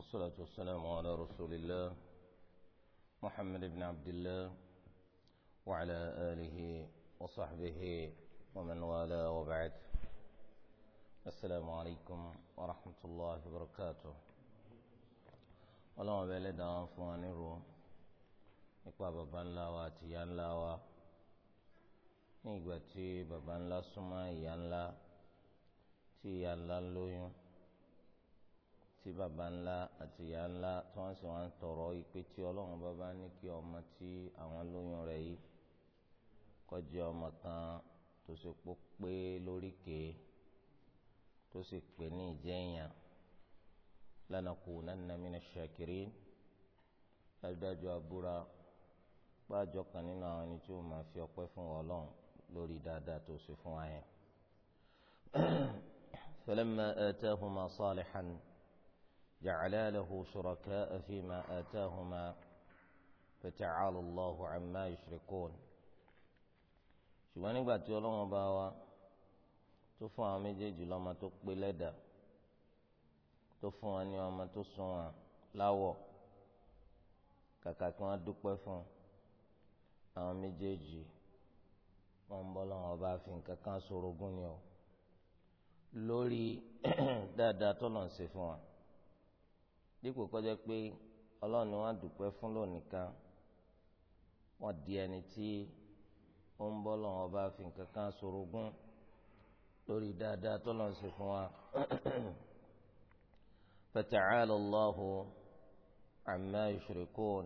والصلاة والسلام على رسول الله محمد بن عبد الله وعلى آله وصحبه ومن والاه وبعد السلام عليكم ورحمة الله وبركاته ọlọ́wọ́n bẹ́ẹ̀ lẹ́dàá fún wa nírò nípa baba ńlá wa àti ìyá ńlá wa ní ìgbà tí baba ńlá súnmọ́ ìyá ńlá tí ìyá ńlá lóyún tí baba ńlá àti ìyá ńlá tí wọ́n sì wá tọrọ ipe tí ọlọ́run bàbá ní kí ọmọ tí àwọn lóyún rẹ̀ yìí kọjá ọmọ kan tó sì pọ̀ pé lóríkèé tó sì pé ní ìjẹ́yàn lanakunanna minash shakirin dájúdájú abúra gbáàjọ kan nínú àwọn ẹni tí ó máa fi ọpẹ́ fún ọlọ́run lórí dáadáa tó sì fún wa yẹn. falamma atahuma salihan. جعلا له شركاء فيما آتاهما فتعالى الله عما يشركون ṣùgbọ́n nígbà tí ọlọ́run bá wa tó fún àwọn méjèèjì lọ́mọ tó pé lẹ́dà tó fún wọn ní ọmọ tó sùn wọn láwọ̀ kàkà kí wọ́n dúpẹ́ fún àwọn méjèèjì wọ́n ń bọ́ lọ́wọ́ bá fi nǹkan kan sorogún ni o lórí dáadáa tó lọ́n ṣe fún wọn. dípò kọjá pé ọlọ́run wa dùpẹ́ fún lónìkan wọ́n di ẹni tí ó ń bọ́ lọ́wọ́ bá fi nǹkan kan sorogún lórí dáadáa tó lọ́n ṣe fún wa. fata'ala Allahu amma yushrikun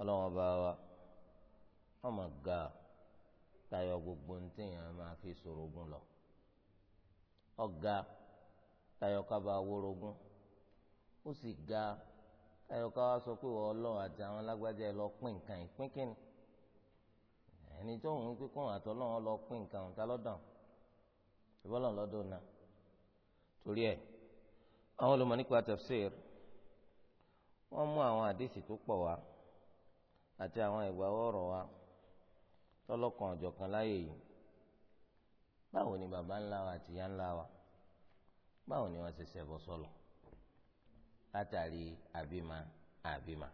ọlọ́wọ́ bá wa ọmọ ga tayọ gbogbo ntẹ̀yìn máa fi sorogún lọ ọ̀gá tayọ kábàá wórogún. ó sì ga ẹ̀yọ̀ká wa sọ pé wọ́n lọ àti àwọn alágbájá ẹ lọ pín nǹkan yìí pín kíni ẹni tó ń pín kún àtọ́ lọ́wọ́ lọ pín nǹkan ọ̀tá lọ́dàn ìbọ́lọ̀ lọ́dọ̀ náà torí ẹ̀ àwọn olùmọ̀ nípa tafsir wọ́n mú àwọn àdìsí tó pọ̀ wá àti àwọn ìgbà wọ́ọ̀rọ̀ wá tọ́lọ́kan ọ̀jọ̀kan láyè yìí báwo ni baba ńlá wa àti ìyá ńlá wa báwo ni wọ́n ṣe ṣẹbọ sọ́lọ̀ látàrí àbímọ àbímọ.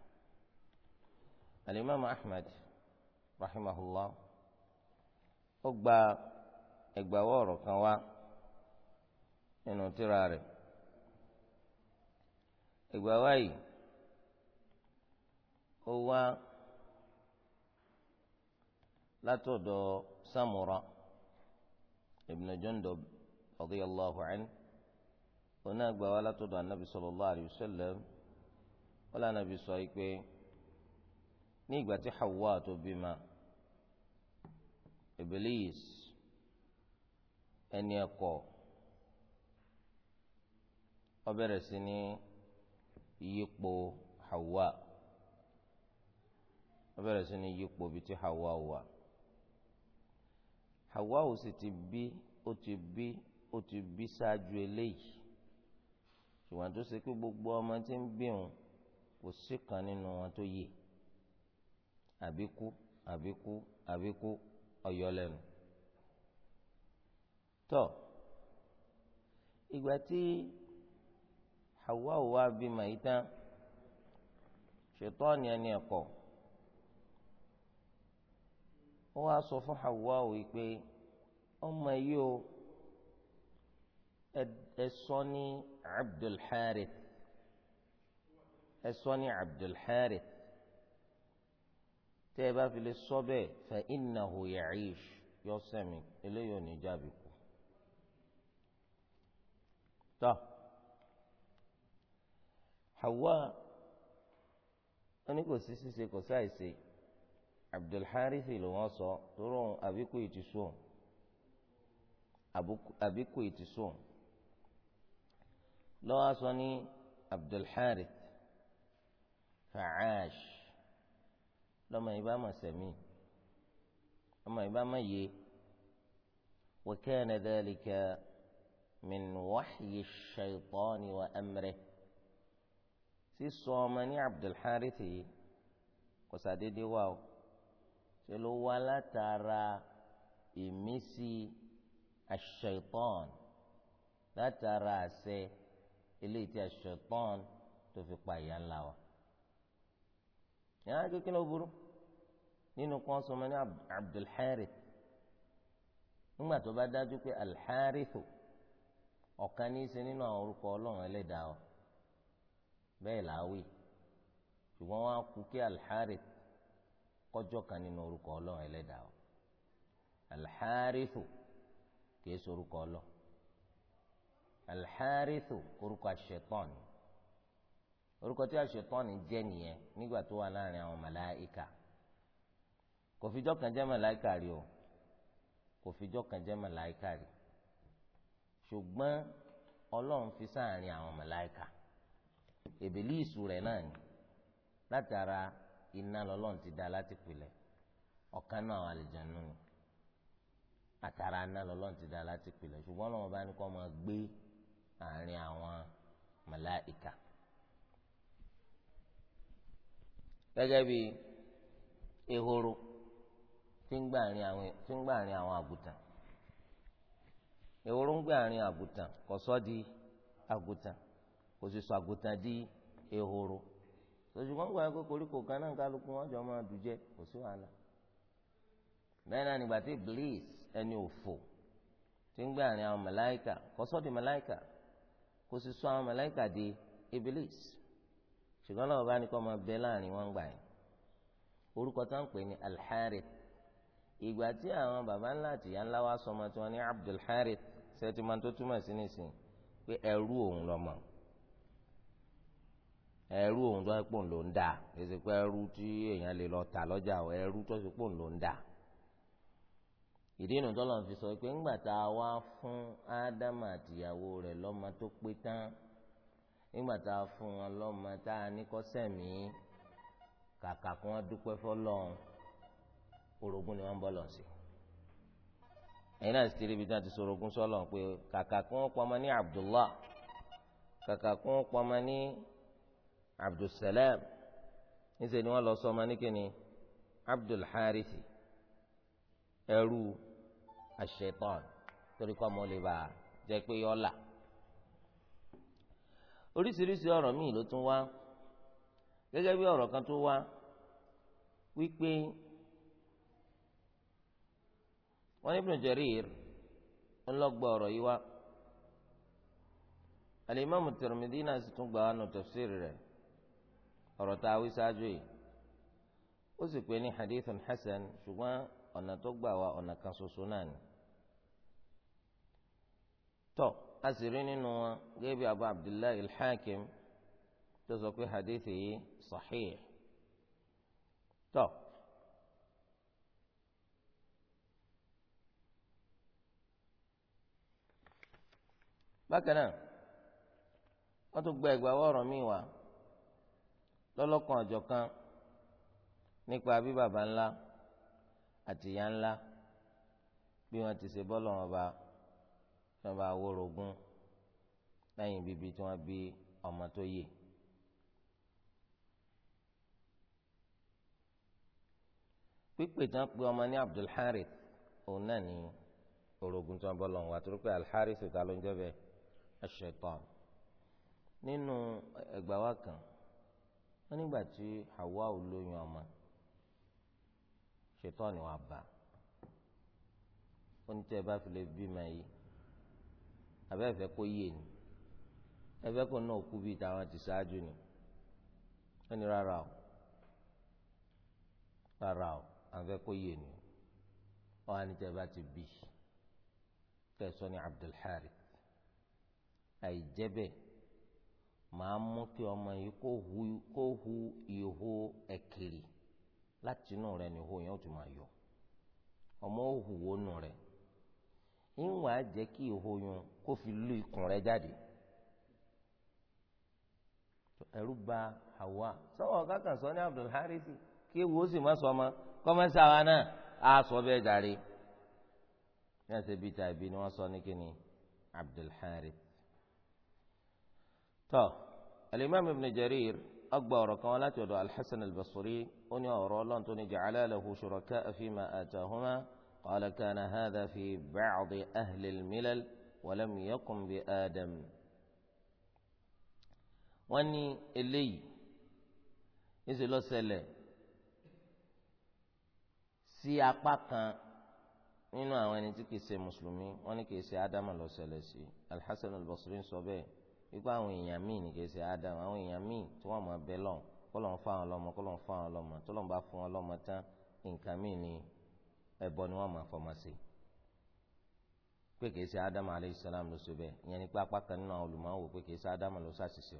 alimami ahmed rahimahullah ó gba ẹgbàáwọ ọ̀rọ̀ kan wá nínú tírà rẹ̀ ẹgbàáwá yìí ó wá látọ̀dọ̀ samura ibn jundub radiyallahu anhu. oná gba wa látọ̀dọ̀ anabi sallallahu alayhi wa sallam wọn lànà bí sọ yìí pé ní ìgbà tí Hawa tó bímọ Iblis ẹni ẹ̀kọ́ ó bẹ̀rẹ̀ sí ní yípo Hawa ó sí ní yípo bíi ti Hawa wà Hawa ò sì ti bí ó ti bí ó ti bí ṣáájú eléyìí ṣùgbọ́n tó ṣe pé gbogbo ọmọ tí ń bí òun kò sí kan nínú wọn tó yè àbíkú àbíkú àbíkú ọ̀yọ́lẹ́nu. tọ́ ìgbà tí Hawa ò wá bí màá tán ṣètọ́ ni ẹ̀kọ́ ó wá sọ fún Hawa ò wí pé ọmọ yìí ó ẹsọ ní Abdul Harith ẹsọ ní Abdul Harith tẹ ẹ bá fi lè sọ bẹ́ẹ̀ fa innahu ya'ish yọ sẹmi eléyìí ò ní jábì kú tọ Hawa wọn kò sí ṣíṣe kò sáìsì Abdul Harith ló wọn sọ tó rọrùn àbíkú ìtìsùn àbíkú ìtìsùn. لو أصني عبد الحارث فعاش لما يبا ما سمي لما يبا ما يي وكان ذلك من وحي الشيطان وأمره سي صومني عبد الحارث قصادي دي واو سلو ولا ترى إمسي الشيطان لا ترى سي eléyìí tí aṣetán tó fi pa ìyá ńlá wa. ìyá kékeré ó burú nínú kan sọmọ ní Abdulharith nígbà tó bá dájú pé Alharithu ọ̀kan ní í ṣe nínú àwọn orúkọ ọlọ́run ẹlẹ́dàá wa bẹ́ẹ̀ làáwì ṣùgbọ́n wọn á kú kí Alharith kọjọ́ kan nínú orúkọ ọlọ́run ẹlẹ́dàá wa Alharithu kìí ṣe orúkọ ọlọ́run alḥárísù orúkọ àṣetọ́ọ̀nì orúkọ tí àṣetọ́ọ̀nì jẹ́ nìyẹn nígbà tó wà láàrin àwọn màláìka kò fìjọ́ kan jẹ́ màláìka rí o kò fìjọ́ kan jẹ́ màláìka rí ṣùgbọ́n ọlọ́run fi sáàrin àwọn màláìka èbèlí ìṣù rẹ̀ náà ni látara iná lọ́lọ́run ti dá láti pilẹ̀ ọ̀kan náà àlìjánu ni àtàrà iná lọ́lọ́run ti dá láti pilẹ̀ ṣùgbọ́n ọlọ́run bá ní kó máa gbé malaika. gẹgẹ bí ehoro tí ń gbàrin àwọn àgùntàn ehoro ń àgùntàn kò sọ di àgùntàn kò sì sọ àgùntàn di ehoro gbà koríko kan náà kálukú wọn jọ máa kò sí wàhálà náà nígbà di malaika. kó sì sọ àwọn màláíkà di ibilis ṣùgbọ́n náà bá ní kó máa bẹ láàrin wọn gbà yẹn orúkọ tó ń pè ní alḥarith ìgbà tí àwọn baba ńlá àti ìyá ńlá wa sọmọ tí wọn ní abdulharith sẹtìmọ tó túmọ̀ sí nìsín pé ẹrú òun lọmọ ẹrú òun tó ń pò ń lò ń dà èsì pé ẹrú tí èèyàn lè lọ tà lọ́jà ẹrú tó ń pò ń lò ń dà ìdí inú tọ́lọ̀ fi sọ pé ńgbà tá a wá fún ádámù àtìyàwó rẹ̀ lọ́mọ tó pé tán ńgbà tá a fún wọn lọ́mọ tá a ní kọ́sẹ̀mí kàkà kí wọ́n dúpẹ́ fọlọ́run orogún ni wọ́n ń lọ sí ẹ̀yin náà sì ti rí ibi tí wọ́n ti sọ orogún sọ́lọ̀ pé kàkà kí wọ́n pọ́nmọ ní Abdullah kàkà kí wọ́n pọ́nmọ ní Abdulsalam níṣẹ́ ni wọ́n lọ sọ ọmọ ní kíni Abdulharisi ẹrú àṣetán torí kọ́ ọmọ lè bá jẹ́ pé yọ là oríṣiríṣi ọ̀rọ̀ míì ló tún wá gẹ́gẹ́ bí ọ̀rọ̀ kan tó wá wípé wọ́n ní Ibn Jarir ńlọgbọ ọ̀rọ̀ yìí wá alimami Tirmidhi náà sì tún gba ọ̀nà tafsiri rẹ̀ ọ̀rọ̀ tá a wí ṣáájú yìí ó sì pè ní hadithun hasan ṣùgbọ́n ọ̀nà tó gbà wá ọ̀nà kan ṣoṣo náà ni. tọ́ a sì rí nínú wọn gẹ́gẹ́ bí abu abdullahi al-hakim tó sọ pé hadith yìí sahih. tọ́ bákan náà wọ́n tún gba ẹ̀gbàá wọ̀rọ̀ míì wá lọ́lọ́kan ọ̀jọ̀kan nípa bí baba ńlá àti ìyá ńlá bí wọ́n ti ṣe bọ́ọ̀lù wọn bá wọn bá wórogún lẹ́yìn bíbí tí wọ́n bí ọmọ tó yè. pípè tí wọ́n pe ọmọ ní Abdulharith òun náà ní orogún tí wọ́n bọ́ọ̀lù wọn wá torí pé Alharith ta ló ń nínú ẹgbàá wa kan wọ́n nígbà tí Hawa ò lóyún ọmọ ṣètò ni wàá bà ó ní tẹ́ ẹ bá fi lè bímọ yìí abẹ́fẹ́ kó yé ni ẹfẹ́ kó náà kú bíi táwọn ti ṣáájú ni ó ní rárá o rárá o àfẹ́ kó yé ni ó wà bá ti bí kẹsàn-án ní Abdulharith àìjẹ́bẹ̀ màá mú kí ọmọ yìí kó hu ìhó ẹ̀kẹ́rì láti inú rẹ ni hó yẹn ó ti máa yọ ọmọ òhù wo nù rẹ ìwà jẹ́ kí ìhó yẹn kó fi lú ikùn rẹ jáde ẹ̀rù bà Hawa sọwọ kankan sọ ní Abdul Harisi kí ewu ó sì má sọ ọmọ kọmẹsì àwa náà á sọ bẹ́ẹ̀ jàre ní ẹsẹ bíi tàbí ni wọn sọ ní kíni Abdul Harisi tọ Ibn Jarir. أكبر ورقا ولات يدعو الحسن البصري أني أورو الله أنتوني جعل له شركاء فيما آتاهما قال كان هذا في بعض أهل الملل ولم يقم بآدم واني إلي إذا لو سأل سياقا إنه أنا تكي سي مسلمين واني كي سي آدم لو سأل سي الحسن البصري صبي wípé àwọn èèyàn míì ní kìí ṣe ádámù àwọn èèyàn míì tí wọ́n máa bẹ lọ́n kó lọ́n fún àwọn ọlọ́mọ kó lọ́n fún àwọn ọlọ́mọ tó lọ́n bá fún wọn lọ́mọ tán nǹkan míì ni ẹbọ ni wọ́n máa fọmọ sí pé kìí ṣe ádámù aleyhi salam ló sọ bẹ́ẹ̀ ìyẹn ni pé apá kan nínú àwọn olùmọ̀ pé kìí ṣe ádámù ló ṣàṣìṣe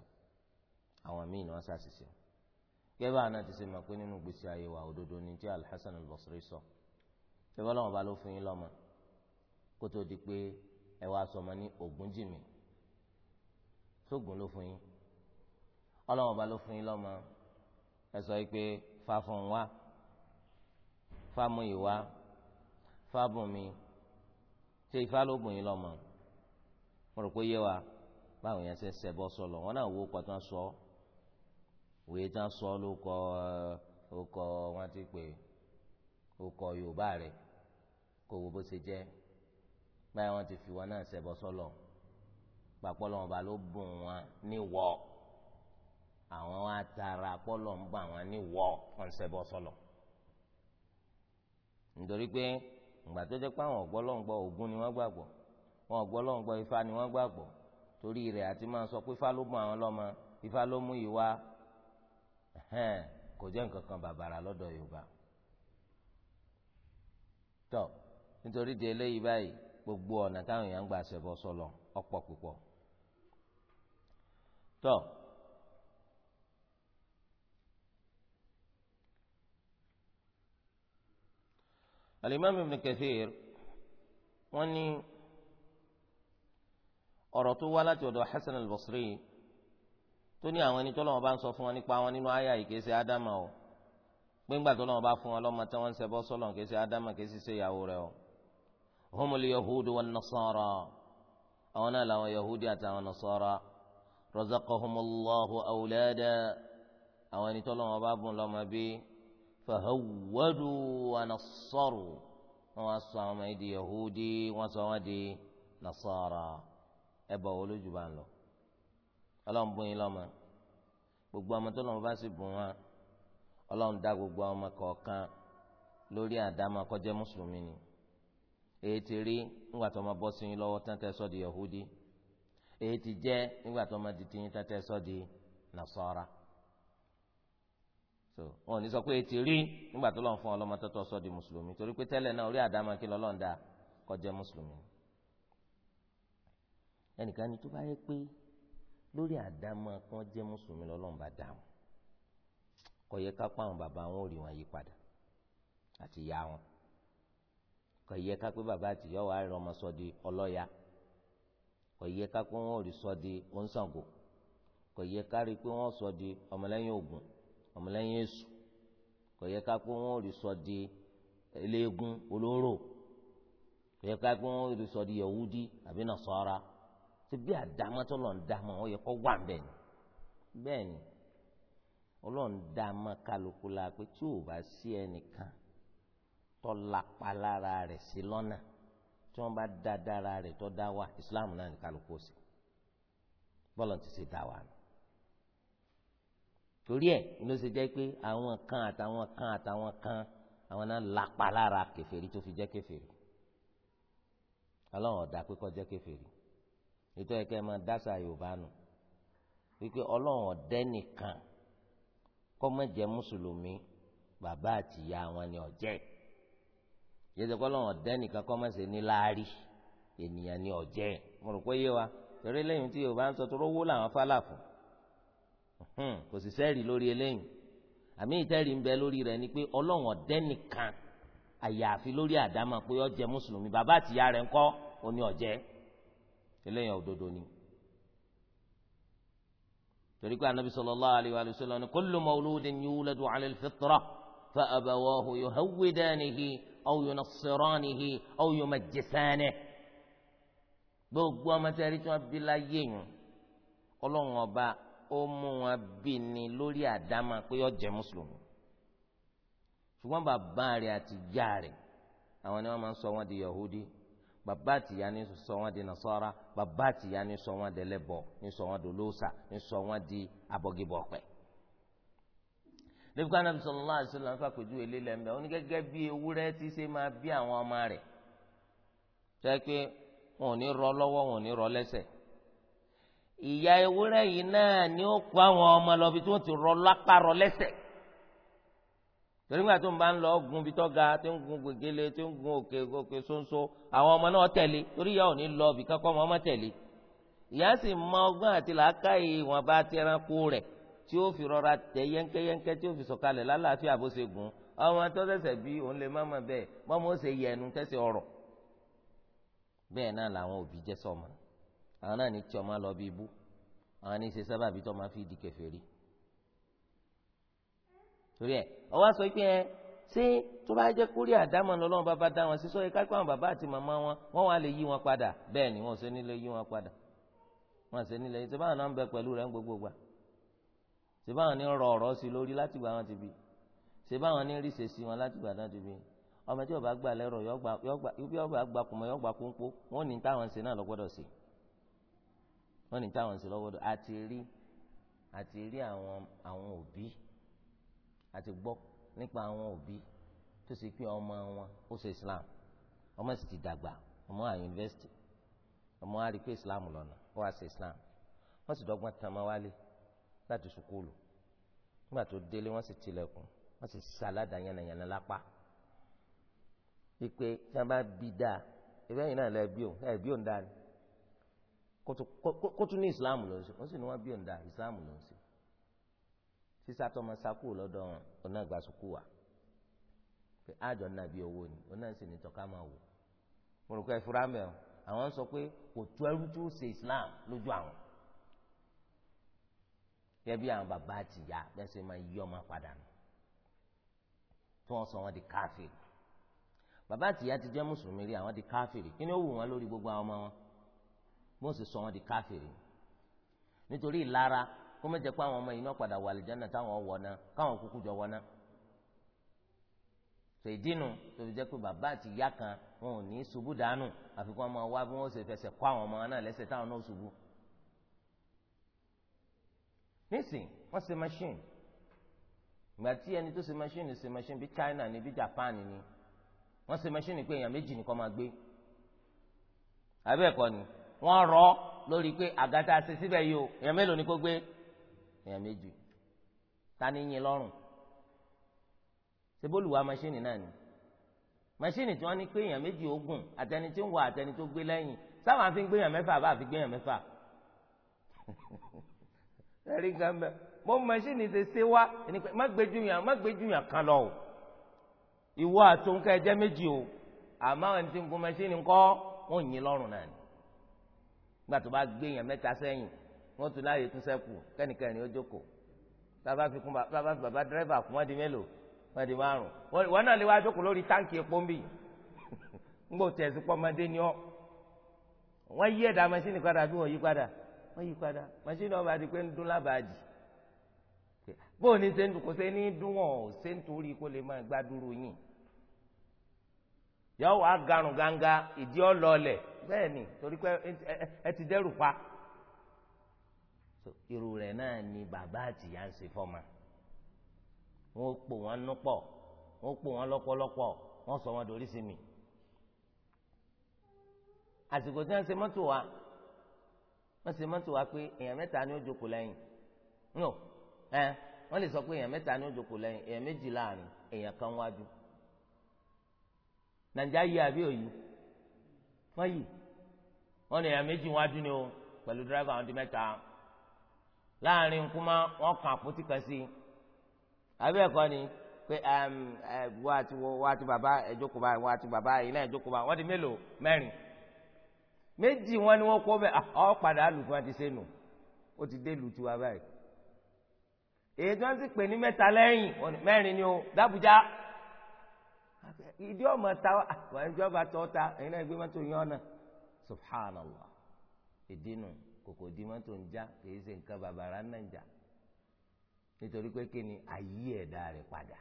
àwọn míì ni wọ́n ṣàṣìṣe gẹ́gẹ́ báwọn ti ṣe mọ̀ pé nínú gbèsè ayé òdodo ni tí alhassan albasri sọ ṣé bọ́lá wọn bá ló fún yín lọ́mọ kó tó di pé ẹ wá sọmọ ní ògúnjìmí sóògùn ló fún yín ọlọ́run ọba ló fún yín lọ́mọ ẹ sọ yìí pé fàfún wa fàmúyì wa fàbùnmi ṣé ifá ló bùn yín lọ́mọ mo rò pé yé wa báwọn yẹn ṣe ń ṣẹbọ sọlọ wọn náà wo pàtó sọ wòye tán sọ ló kọ ó eh, kọ wọn ti pè ó kọ yorùbá rẹ kó wo bó ṣe jẹ báyìí wọn ti fi wọn náà ṣẹbọ sọlọ. So gbàpọ̀lọ̀ ọba ló bùn wọn ní wọ̀ àwọn atara pọ̀lọ̀ ń bọ̀ ní wọ̀ kọ́nsẹ́bọ̀ sọ̀lọ̀ nítorí pé ìgbà tó jẹ́ pé àwọn ọ̀gbọ́lọ́ngbọ́ ni wọ́n gbàgbọ́ wọn ọ̀gbọ́lọ́ngbọ́ Ifá ni wọ́n gbàgbọ́ torí rẹ àti máa sọ pé Ifá ló àwọn Ifá ló mú ìwà kò bàbàrà tọ́ alimami ibn kathir wọ́n ní ọ̀rọ̀ tó wá láti ọ̀dọ̀ hasan al-basri tó ní àwọn ẹni tó lọ́wọ́ bá ń sọ fún wọn nípa wọn nínú àyà yìí kìí ṣe ádámà o gbẹ́ngbà tó lọ́wọ́ bá fún wọn lọ́mọ tí wọ́n ń ṣẹbọ́ sọ́lọ̀ kìí ádámà kìí ṣe ìyàwó rẹ̀ o humul yahudu wan nasara àwọn náà làwọn yahudi àtàwọn nasara. razaqahumullahu awlada àwọn ẹni tọ́lọ́wọ́n bá bùn lọ́mọ bí fahawwadu wa nasaru wọn wá sọ àwọn ọmọ yìí di yahudi wọn sọ wọn nasara ebe bọ̀ nlo. lọ́mọ bá sì bùn ọlọ́run dá gbogbo ọmọ kọ̀ọ̀kan lórí àdámọ́ kó mùsùlùmí ni èyí ti rí ńgbà tó ọmọ bọ́ sí èyí ti jẹ́ nígbà tó máa di tiyín sọ di nasara so wọn ò ní sọ pé etí rí nígbà tó lọ́n fún ọlọ́mọ tó tọ́ sọ di mùsùlùmí torí pé tẹ́lẹ̀ náà orí àdámà kí lọ́lọ́n dá mùsùlùmí ni tó bá yẹ pé lórí àdámà kó jẹ́ mùsùlùmí lọ́lọ́n bá wọn yẹ ká pa bàbá àti ìyá wọn ọmọ kò yẹ ká pé wọ́n rí sọ di onsango kò yẹ ká rí pé wọ́n sọ di ọmọlẹ́yìn Ògún ọmọlẹ́yìn Èṣù kò yẹ ká pé wọ́n rí sọ di eléégún olóró kò yẹ ká pé wọ́n rí sọ di Yahudi àbí Nasara ṣe bí àdámọ́tò lọ́n dámọ́ ọ yẹ kó wà bẹ́ẹ̀ ni bẹ́ẹ̀ ni kálukú la pé tí ò bá sí ẹnìkan tọ́lápalára rẹ̀ sí lọ́nà tí wọ́n bá da dára rẹ̀ tó dá wa islam náà ní kálukú sí bọ́ọ̀lù ti ṣe dá wa nù. torí ẹ̀ ló ṣe jẹ́ pé àwọn kan àtàwọn kan àtàwọn kan àwọn náà lápá lára kèfèrí tó fi jẹ́ kèfèrí ọlọ́run ọ̀dà pé kó jẹ́ kèfèrí ètò ẹ̀kẹ́ máa dáṣà yorùbá nù wípé ọlọ́run ọ̀dẹ́ nìkan kó má mùsùlùmí bàbá àtìyá wọn ni ọ̀jẹ́ yẹtẹkọ lọrùn ọdẹni kankan má ṣe ní láàrí ènìyàn ní ọjẹ mo rò pé yé wa torí lẹ́yìn tí yorùbá ń sọ tó rówó làwọn fálà fún kò sì sẹ́ẹ̀rì lórí eléyìn àmì ìtẹ́rì ń bẹ lórí rẹ̀ ni pé ọlọ́run ọdẹni kan àyàfi lórí àdámà pé ọjẹ mùsùlùmí bàbá àtìyá rẹ̀ ńkọ́ òní ọjẹ eléyìn òdodo ni torí pé anabi sallallahu alayhi wa sallam ni kullu mawludin أو ينصرانه أو يمجسانه gbogbo ọmọ tí a rí tí wọn bí láyé yìí Ọlọ́run ọba ó mú wọn bí ni lórí àdámà pé ó jẹ́ mùsùlùmí ṣùgbọ́n bàbá rẹ̀ àti ìyá rẹ̀ àwọn ni wọ́n máa ń sọ wọ́n di yahudi bàbá àtìyá ní sọ wọ́n di nasara bàbá àtìyá ní sọ wọ́n di ẹlẹ́bọ ní sọ wọ́n di olóòṣà ní sọ wọ́n di abọgibọpẹ lẹ́fíkà náà sallallahu alaihi wasallam fàpèjú èlé lẹ́mbẹ́ ó ní gẹ́gẹ́ bí ewúrẹ́ tí ṣe máa bí àwọn ọmọ rẹ̀ tó yẹ pé wọn ò ní rọ lọ́wọ́ wọn ò ní rọ lẹ́sẹ̀ ìyá ewúrẹ́ yìí náà ni ó kó àwọn ọmọ lọ bí tí wọ́n ti rọ lápá rọ lẹ́sẹ̀ torí tó ń bá ń lọ gun bí tó ga tó ń gun gègéle tó ń gun òkè òkè ṣóńṣó àwọn ọmọ náà tẹ̀lé torí ìyá ò ní lọ bí kankan ọmọ tẹ̀lé ìyá sì mọ ọgbọ́n àti làákàyè ìwọ̀nba ti rẹ̀ tí ó fi rọra tẹ yẹnkẹyẹnkẹ tí ó fi sọ̀kalẹ̀ lálàáfíà bó ṣe gùn ọmọ tó ṣẹ̀ṣẹ̀ bí òun lè má mọ bẹ́ẹ̀ bọmọ ó ṣe yẹnu tẹsí ọ̀rọ̀ bẹ́ẹ̀ náà làwọn òbí jẹ́ sọmọ àwọn náà ní tí ọmọ lọ bí ibú àwọn ní í ṣe sábàbí tó máa fi di kèfèrí torí ẹ ọwọ sọ pé ẹ ṣé tó bá jẹ́ kórìí àdámọ̀ ní Ọlọ́run bàbá dá wọn sísọ yìí kápẹ́ àwọn bàbá àti màmá wọn wọn wà lè yí wọn padà bẹ́ẹ̀ ni wọn ò ṣe nílé yí wọn padà wọn ò ṣe nílé yí ṣe báwọn náà ń bẹ pẹ̀lú rẹ̀ ń gbogbo gbà ṣé báwọn ní rọ ọ̀rọ̀ sí lórí látìgbà wọn ti bí ṣé báwọn ní ríṣe sí wọn látìgbà náà ti bí ọmọ tí ọba gba lẹ́rọ̀ yọgbà yọgbà gbakùnmọ yọgbà kúńpó wọn ní táwọn ṣe náà lọ́gbọ́dọ̀ sí wọn ní táwọn ṣe lọ́gbọ́dọ̀ àti rí àti rí àwọn àwọn òbí àti gbọ́ nípa àwọn òbí tó ṣe pé ọmọ wọn ó ṣe islam ọmọ sì ti dàgbà ọmọ à yunifásitì ọmọ á islam lọ́nà ó wá ṣe islam wọ́n sì dọ́gbọ́n tán máa wálé láti sùkúlù nígbà tó délé wọ́n sì tilẹ̀kùn wọ́n sì sàládà yànnàyànnà lápá wípé tí wọ́n bá bí dáa ìfẹ́ yìí náà lẹ́ bí òun ẹ̀ bí òun dáa ni kó tún ní ìsìláàmù ló ń ṣe wọ́n sì ní wọ́n bí òun dáa ìsìláàmù ló ń ṣe sísá tó ọmọ sákú lọ́dọ̀ wọn ọ̀nà ìgbà sùkú wa pé àjọ náà bí owó ni ọ̀nà sì ní tọ́ka máa wò mo rò pé ìfúrámẹ́ o àwọn sọ pé kò tó ẹrú tó ṣe ìsìláàmù lójú àwọn gẹ́gẹ́ bí àwọn bàbá àti ìyá bẹ́ẹ̀ sì máa yí ọmọ padà nù tí wọ́n sọ wọn di káfíìrì bàbá àti ìyá ti jẹ́ mùsùlùmí rí àwọn di káfíìrì kí ni ó wù wọn lórí gbogbo àwọn ọmọ wọn bó sì sọ wọn di káfíìrì nítorí ìlara kó má jẹ́ pé àwọn ọmọ yìí náà padà wà àlìjáná táwọn wọ̀ náà káwọn kúkú jọ wọ̀ náà tó ìdínú tó fi jẹ́ pé bàbá àti ìyá kan wọn ò ní ṣubú dànù àfikún ọmọ wa bí wọ́n ṣe fẹsẹ̀ kọ́ àwọn ọmọ náà lẹ́sẹ̀ táwọn náà ṣubú nísìn wọ́n se machine ìgbà tí ẹni tó ṣe machine se machine bí China ni bí Japan ni wọ́n se machine pé èèyàn méjì nìkan máa gbé abẹ́ẹ̀kọ́ ni wọ́n rọ lórí pé àgàtà ṣe síbẹ̀ yìí o èèyàn mélòó ni kó gbé èèyàn méjì ta ni yín lọ́rùn ṣe bóluwà machine náà ni mashini tí wọn ní pé èèyàn méjì ogun àtẹni tí ń wọ àtẹni tó gbé lẹ́yìn sábà fi ń gbé èèyàn mẹ́fà bá fi gbé èèyàn mẹ́fà ẹ̀rí gan bẹ́ẹ̀ bó mọ́ṣíìnì ṣe ṣe wá ẹni pé má gbé júyàn má gbé júyàn kan lọ o ìwọ àtúnkà ẹjẹ méjì o àmọ́ àwọn tí ń gun mọ́ṣíìnì kọ́ wọ́n yìn lọ́rùn náà ni nígbà tó bá gbé yàn mẹ́ta sẹ́yìn wọ́n tún láàyè tún sẹ́kù kẹ́nìkẹ́nì ó jókòó bàbá fi kún bàbá fi bàbá dírẹ́fà kún wọ́n di mélòó wọ́n di márùn wọ́n náà lè wá jókòó lórí táǹkì epo ń bì ńgbò tẹ̀sí pọ́mọdé ni ọ́ wọ́n yí ẹ̀dá mọ́ṣíìnì padà bí wọ́n yí padà wọ́n yí padà màṣínì ọba àti pé ń dún lábàájì bóò ní ṣe ń dùn kò ṣe ní dún wọn ò ṣe ń torí kó lè máa gbádùrú yìí yọ wàá garùn ganga ìdí ọlọlẹ bẹ́ẹ̀ ni torí pé ẹ ti dẹ́rù pa irú rẹ̀ náà ni bàbá àtìyá ń ṣe fọ́mọ wọ́n pò wọ́n nú pọ̀ wọ́n pò wọ́n lọ́pọ̀lọpọ̀ wọ́n sọ wọn dorí sí mi àsìkò tí wọ́n ṣe mọ́tò wa wọ́n sì mọ́tò wá pé èèyàn mẹ́ta ni ó jókòó lẹ́yìn no ẹ wọ́n lè sọ pé èèyàn mẹ́ta ni ó jókòó lẹ́yìn èèyàn méjì láàrin èèyàn kan wájú nàìjíríà yìí àbí òyì wọ́n yìí wọ́n ní èèyàn méjì wájú ni o pẹ̀lú dírẹ́fà àwọn di mẹ́ta láàrin nkúmá wọ́n kàn àpótí kan sí i àbí ẹ̀kọ́ ni pé wọ́n àti bàbá ẹ̀jókòó báyìí wọ́n àti bàbá yìí náà ẹ̀jókòó báyìí wọ́n di mélòó mẹ́rin meji wọn ni wọn kó bẹ ọ ah, padà senu o ṣe ó ti dé lùtù wa báyìí èyí tí wọ́n sì pè ní mẹ́ta lẹ́yìn mẹrin ni o dábùjá ìdí ọmọ ta wà ìjọba tó ta ẹ̀yin náà gbé mọ́tò yín ọ̀nà subhanallah ìdínú kòkò di ń já kìí ṣe nǹkan bàbàrà ń nítorí pé kí ni ayé ẹ̀dá rẹ̀ padà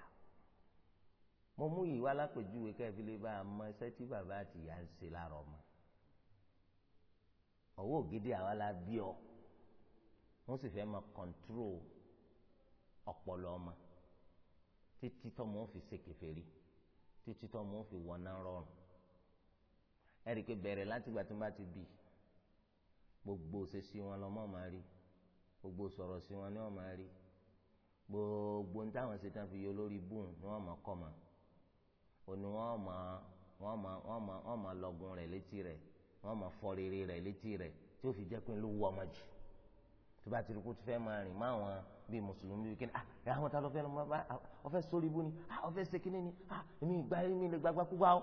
mo mú ìwà lápèjúwe bá ọwọ́ ògidì àwa la bí ọ wọ́n sì fẹ́ máa kọ̀ǹtúrò ọpọlọ ọmọ títí tọ́mọ fi ṣe kèfèrí títí tọ́mọ fi wọná rọrùn ẹ rí i pé bẹ̀rẹ̀ látìgbà tó bá ti bí gbogbo òṣèṣì wọn lọ́mọ máa rí gbogbo sọ̀rọ̀ sí wọn ni wọ́n máa rí gbogbo ní táwọn ṣe tán fi yọ lórí bùn ni wọ́n máa kọ́ ma òní wọ́n máa wọ́n máa wọ́n máa lọ́gùn rẹ̀ létí rẹ̀ wọ́n máa fọ rere rẹ̀ létí rẹ̀ tí ó fi jẹ́ pé ló wú ọmọ jù tó bá ti rí kó tó fẹ́ máa rìn máa bíi mùsùlùmí bíi kíni ah àwọn ta ló fẹ́ lọ bá ọfẹ́ ah, sórí ibú ni ah ọfẹ́ ṣe kíni ni ah èmi ìgbà èmi lè gbàgbà kú bá ọ.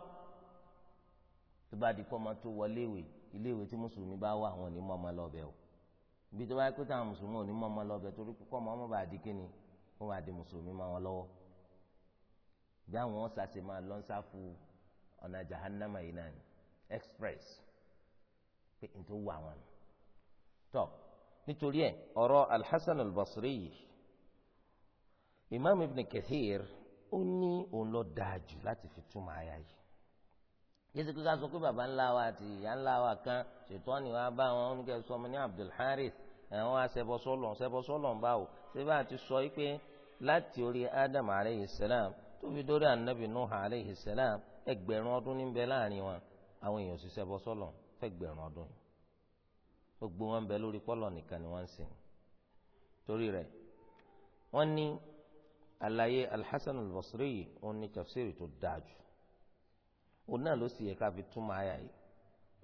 tó bá di kọ́ ọmọ tó wọlé ìwé ilé ìwé tí mùsùlùmí bá wà àwọn onímọ̀ ọmọ lọ́bẹ̀ o ibi tó bá yẹ kó táwọn mùsùlùmí onímọ̀ ọmọ lọ́bẹ̀ torí kọ́ ọmọ ọmọ bá di kíni ó máa di mùsùlùmí máa wọn lọ́wọ́ bí àwọn ọ̀sà express pé n tó wà wọn tọ nítorí ẹ ọ̀rọ̀ alhassan albasri yìí imam ibn kathir ó ní òun lọ dáa jù láti fi túmọ̀ àyà yìí yéésì kíkà sọ pé baba ńlá wa àti ìyá ńlá wa kan ṣètò ọ̀nì wa bá wọn oníkẹ́ sọ ọmọ ní abdul haris àwọn asẹ́bọ̀sọ́lọ̀ sẹ́bọ̀sọ́lọ̀ ń bá o ṣébà ti sọ pé láti orí adam aleyhi salam tó dórí anabi nuh aleyhi salam ẹgbẹ̀rún ọdún níbẹ̀ láàrin wọn àwọn èèyàn sì sẹ́bọ̀sọ́lọ̀ fẹ́gbẹ̀rún ọdún yìí gbogbo wọn bẹ lórí pọ́lọ̀ nìkan ni wọ́n ń sìn torí rẹ̀ wọ́n ní àlàyé alhassan albasri yìí òun ní tafsiri tó dáa jù òun náà ló sì yẹ ká fi túmọ̀ àyà yìí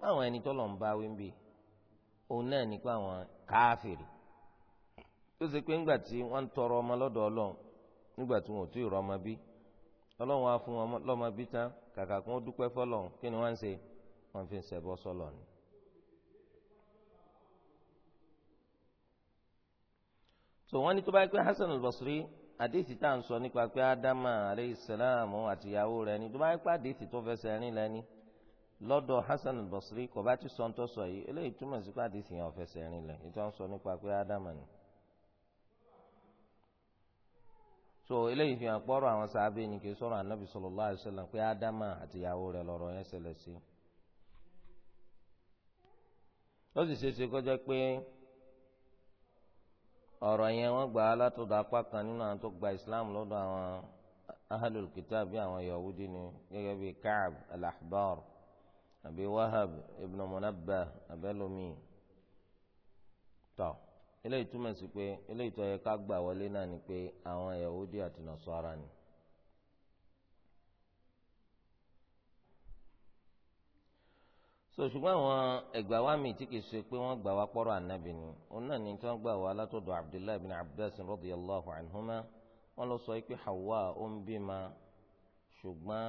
báwọn ẹni tọ́lọ̀ ń bá wí ń bì òun náà ní pé àwọn káfìrì tó ṣe pé ńgbà tí wọ́n ń tọrọ ọmọ lọ́dọ̀ ọlọ́run nígbà tí wọn ò tí ì ọmọ bí ọlọ́run á fún wọn lọ́mọ bí tán kàkà kí dúpẹ́ fọlọ́run kí ni wọ́n ń ṣe wọ́n fi ń ṣẹbọ sọ́lọ̀ ni. tó wọ́n ní tó bá yẹ pé Hasan al-Basri àdéhìtì tá à ń sọ nípa pé Ádámà aleyhisselam àtìyàwó rẹ̀ ni tó bá yẹ pé àdéhìtì tó fẹsẹ̀ rìn lẹ́ni lọ́dọ̀ Hasan al-Basri kò bá ti sọ ń tọ́ sọ yìí eléyìí túmọ̀ sí pé àdéhìtì yẹn ò fẹsẹ̀ rìn lẹ̀ ètò ń sọ nípa pé Ádámà ni. so eléyìí fi hàn pọ́rọ̀ àwọn sàábẹ́ ni kì í sọ̀rọ̀ ànábì sallallahu alaihi wasallam pé ádámà àtìyàwó rẹ̀ lọ́rọ̀ yẹn ṣẹlẹ̀ sí i ó sì ṣeéṣe kọjá pé ọ̀rọ̀ yẹn wọ́n gbà á látọ̀dọ̀ apá kan nínú àwọn tó gba islam lọ́dọ̀ àwọn ahlul kitab bí àwọn yahudi ni gẹ́gẹ́ bíi kaab al-ahbar àbí wahab ibn munabbah abẹ́lómi tọ́ eléyìí túmọ̀ sí pé eléyìí tó yẹ ká gbà wọlé náà ni pé àwọn yahudi àti nasara ni. so ṣùgbọ́n àwọn ẹgbà wa mi tí kì í ṣe pé wọ́n gbà wá pọ́rọ̀ ànábì ni òun náà ní tí wọ́n gbà wá látọ̀dọ̀ abdullahi bin abbas radiyallahu anhuma wọ́n lọ sọ pé hawa ó ń bímọ ṣùgbọ́n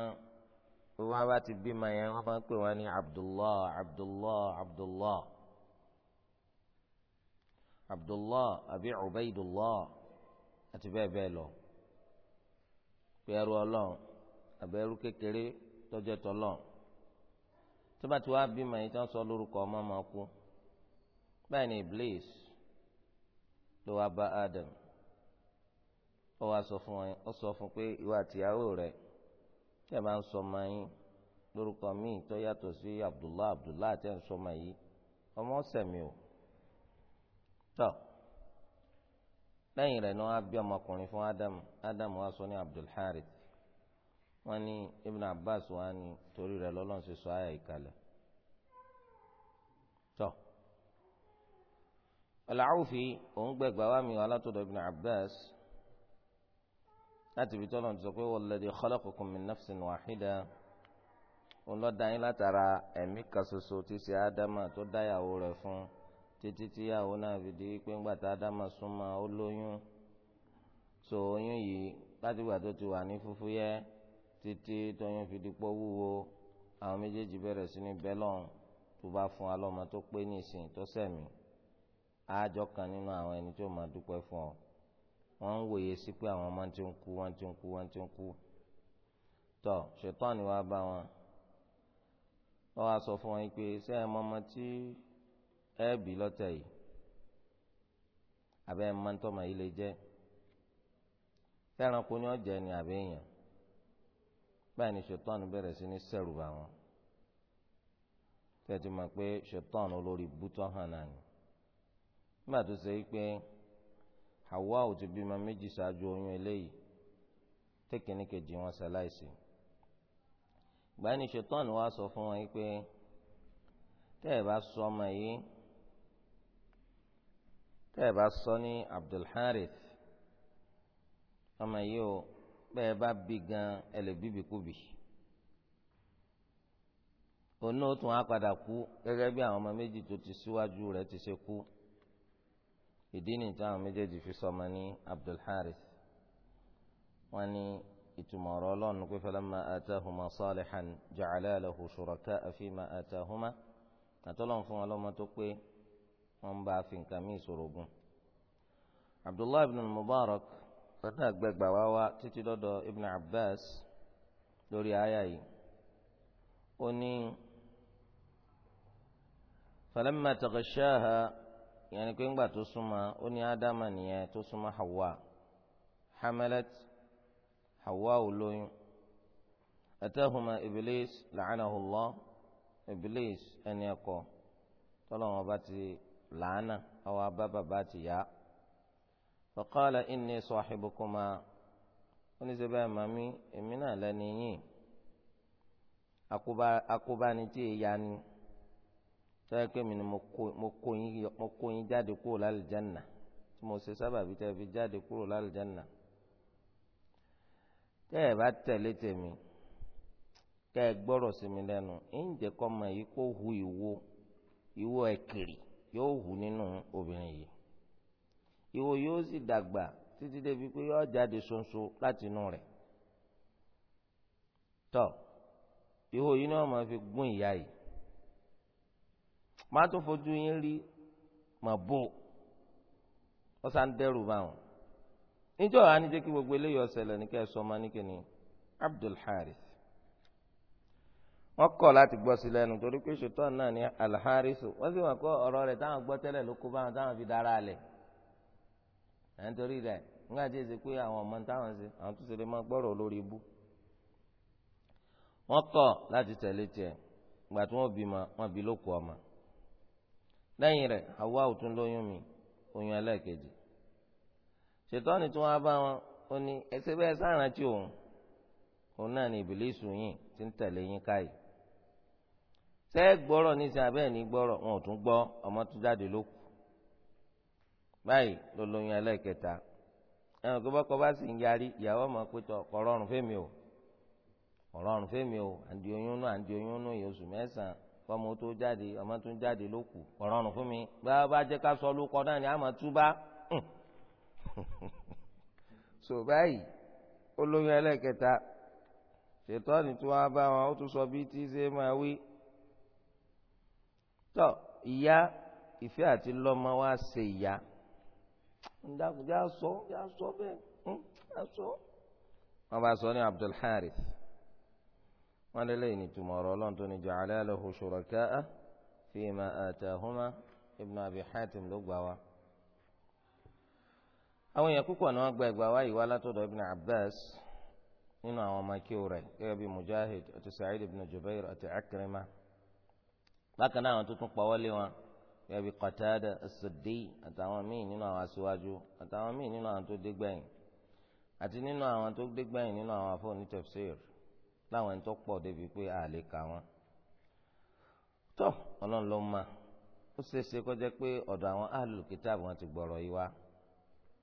wọ́n bá ti bímọ yẹn wọ́n máa ń pè wọ́n ní abdullah abdullah abdullah abdullah àbí ubaydullah àti bẹ́ẹ̀ bẹ́ẹ̀ lọ pé ẹrú ọlọ́run àbẹ̀rú kékeré tọ́jọ́ tọ́lọ́run tó bá ti wá bímọ yìí tí wọ́n sọ lórúkọ ọmọ máa kú báyìí ni Iblis ló wá bá Adam ó wá sọ fún wọn ó sọ fún pé ìwà àtìyàwó rẹ̀ tẹ́ máa ń sọ ọmọ yín lórúkọ míì tó yàtọ̀ sí Abdullah Abdullah tẹ́ ń sọ ọmọ yìí ọmọ ọ̀sẹ̀ mi ò tọ́ lẹ́yìn rẹ̀ ni wọ́n á bí ọmọkùnrin fún Adam Adam wá sọ ní Abdul wọ́n ní Ibn Abbas wọ́n ní torí rẹ̀ lọ́lọ́run ṣe sọ àyà ìkàlẹ̀ tọ́ Al-Awfi òun gbẹ̀gbà wá mi wà látọ̀dọ̀ Ibn Abbas láti ibi tọ́lọ̀ ti sọ pé walladhi khalaqakum min nafsin wahida òun lọ́ọ́ dáyín látara ẹ̀mí kan ṣoṣo tí ṣe ádámà tó dáyàwó rẹ̀ fún títí tíyàwó náà fi di pé ńgbà tá ádámà súnmọ́ ó lóyún so oyún yìí láti ìgbà tó ti wà ní fúfú yẹ́ títí tọyún fi di pọ́ wúwo àwọn méjèèjì bẹ̀rẹ̀ sí ní bẹ́lọ̀n tó bá fún alọ́mọ tó pé ní ìsìn tó sẹ̀mí àjọ kan nínú àwọn ẹni tó máa dúpẹ́ fún ọ wọ́n ń wòye sí pé àwọn ọmọ ti ń kú wọ́n ti ń kú wọ́n ti ń kú tọ́ ṣètọ́ni wàá bá wọn wọ́n wá sọ fún wọn pé ṣé ẹ mọ ọmọ tí ẹ bí lọ́tẹ̀ yìí àbẹ́ ẹ mọ ń tọ́mọ yìí lè jẹ́ fẹ́ràn kó ní ni àbẹ́ èèyàn báyìí ni ṣètọ́nù bẹ̀rẹ̀ sí ní sẹ́rù bá wọn tẹ̀tí mọ̀ pé ṣètọ́nù olórí bútọ́ hàn náà ni nígbà tó ṣe pé Hawa ò ti bímọ méjì ṣáájú oyún eléyìí tẹ́kìní kejì wọn ṣaláìsí báyìí ni ṣètọ́nù wá sọ fún wọn pé tẹ́ ẹ bá sọ ọmọ yìí tẹ́ ẹ bá sọ ní Abdul ọmọ yìí o bẹ́ẹ̀ bá bí gan ẹ lè bíbí kú bì òun náà tún á padà kú gẹ́gẹ́ bí àwọn ọmọ méjì tó ti síwájú rẹ̀ ti ṣe kú ìdí nìyí tí àwọn méjèèjì fi sọmọ ní Abdulharis wọn ní ìtumọ̀ ọ̀rọ̀ ọlọ́run pé falamma atahuma salihan ja'ala lahu shuraka'a fima atahuma àtọ́lọ́n fún wọn lọ́mọ tó pé wọ́n ń bá a fi nǹkan mí ìṣòro gun. Abdullahi ibn Mubarak àwọn náà gbẹgbà wá wá títí lọ́dọ̀ Ibn Abbas lórí àyà yìí ó ní falamma taghashaha yẹn pé ńgbà tó súnmọ́ ó ní ádámà nìyẹn tó súnmọ́ Hawa hamalat Hawa ò atahuma Iblis la'anahullah Iblis ẹni ẹ̀kọ́ tọ́lọ́wọ́n ti làánà àwọn abá ti yá faqala inni sahibukuma oníṣẹ́bẹ́ màmí èmi náà lẹ́ni yín akóbáni tí èyí ya ni tọ́yẹ pé mi ni mo kó yín jáde kúrò lálìjáná tí mo ṣe sábàbí tẹ́ fi jáde kúrò lálìjáná tẹ́ ẹ bá tẹ̀lé tèmi kẹ́ ẹ gbọ́rọ̀ sí mi lẹ́nu ǹjẹ́ kọ́ mọ̀ yìí kó hu ìwo ìwo ẹ̀kìrì yóò hu nínú obìnrin yìí ìwọ yóò sì dàgbà títí débi pé yóò jáde ṣoṣo láti inú rẹ̀ tọ ìwọ yìí náà máa fi gún ìyá yìí má tó fojú yín rí mà bò ó sá ń dẹrù báwọn níjọ́ àá kí gbogbo eléyìí ọ̀sẹ̀lẹ̀ ní kẹ́ ẹ sọ ọmọ ní kíni Abdul Harith wọ́n kọ̀ láti gbọ́ sí lẹ́nu torí pé ṣètò náà ní Al Harith wọ́n sì wọ́n kọ́ ọ̀rọ̀ rẹ̀ táwọn gbọ́ tẹ́lẹ̀ ló kó báwọn táwọn fi dára lẹ̀ à ń torí rẹ̀ nígbà tí èsì pé àwọn ọmọ táwọn ṣe àwọn tó ṣe lè máa gbọ́rọ̀ lórí ibú. wọ́n kọ̀ láti tẹ̀lé tiẹ̀ ìgbà tí wọ́n bímọ wọ́n bí lóko ọmọ. lẹ́yìn rẹ̀ Hawa ò tún lóyún mi oyún ẹlẹ́ẹ̀kejì. ṣètọ́ni tí wọ́n bá wọn ó ní ẹsẹ̀ bẹ́ẹ̀ sárántí òun òun náà ní ìbílísù yìí ti ń tẹ̀lé yín káyìí. sẹ́ẹ̀ gbọ́rọ̀ níṣẹ́ abẹ́ẹ̀ ní gbọ́rọ̀ wọn ò tún gbọ́ ọmọ tó jáde lóko báyìí ló lóyún ẹlẹ́ẹ̀kẹta ẹnì kó bọ́kọ bá sì ń yarí ìyàwó ọmọ pétọ kọrọrùn fẹmi o kọrọrùn fẹmi o àǹdí oyún náà àǹdí oyún náà oṣù mẹ́sàn-án fọmọ tó jáde ọmọ tó ń jáde ló kù kọrọrùn fún mi bá bá jẹ ká sọ lóko náà ni àmọ́ túbá so báyìí ó lóyún ẹlẹ́ẹ̀kẹta ṣètọ́ni tí wọ́n bá wọn ó tún sọ bí tí ṣe máa wí tọ ìyá ìfẹ́ àti lọ́mọ wá ṣe ìyá ndakùn já sọ já sọ bẹ́ẹ̀ hmm? já sọ. wọ́n bá sọ ní Abdul Harith wọ́n lé lẹ́yìn ìtumọ̀ ọ̀rọ̀ ọlọ́run tó ní ja'ala lahu shuraka'a fima atahuma Ibn Abi Hatim ló gbà wá. àwọn èèyàn púpọ̀ ni wọ́n gba ẹgbàá wá ìwá látọ̀dọ̀ Ibn Abbas nínú àwọn ọmọ ikú rẹ̀ gẹ́gẹ́ bíi Mujahid àti Sa'id ibn Jubair àti Akrima bákan náà àwọn tó tún pa wọn yàbí Qatada as-Siddi àtàwọn míì nínú àwọn aṣíwájú àtàwọn míì nínú àwọn tó dé gbẹ̀yìn àti nínú àwọn tó dé gbẹ̀yìn nínú àwọn afọ́ni tafsir láwọn ẹni tó pọ̀ débi pé a lè kà wọ́n. tọ́ ọlọ́run ló ma ó ṣeéṣe kó jẹ́ pé ọ̀dọ̀ àwọn ahlul kitab wọn ti gbọ̀rọ̀ yìí wá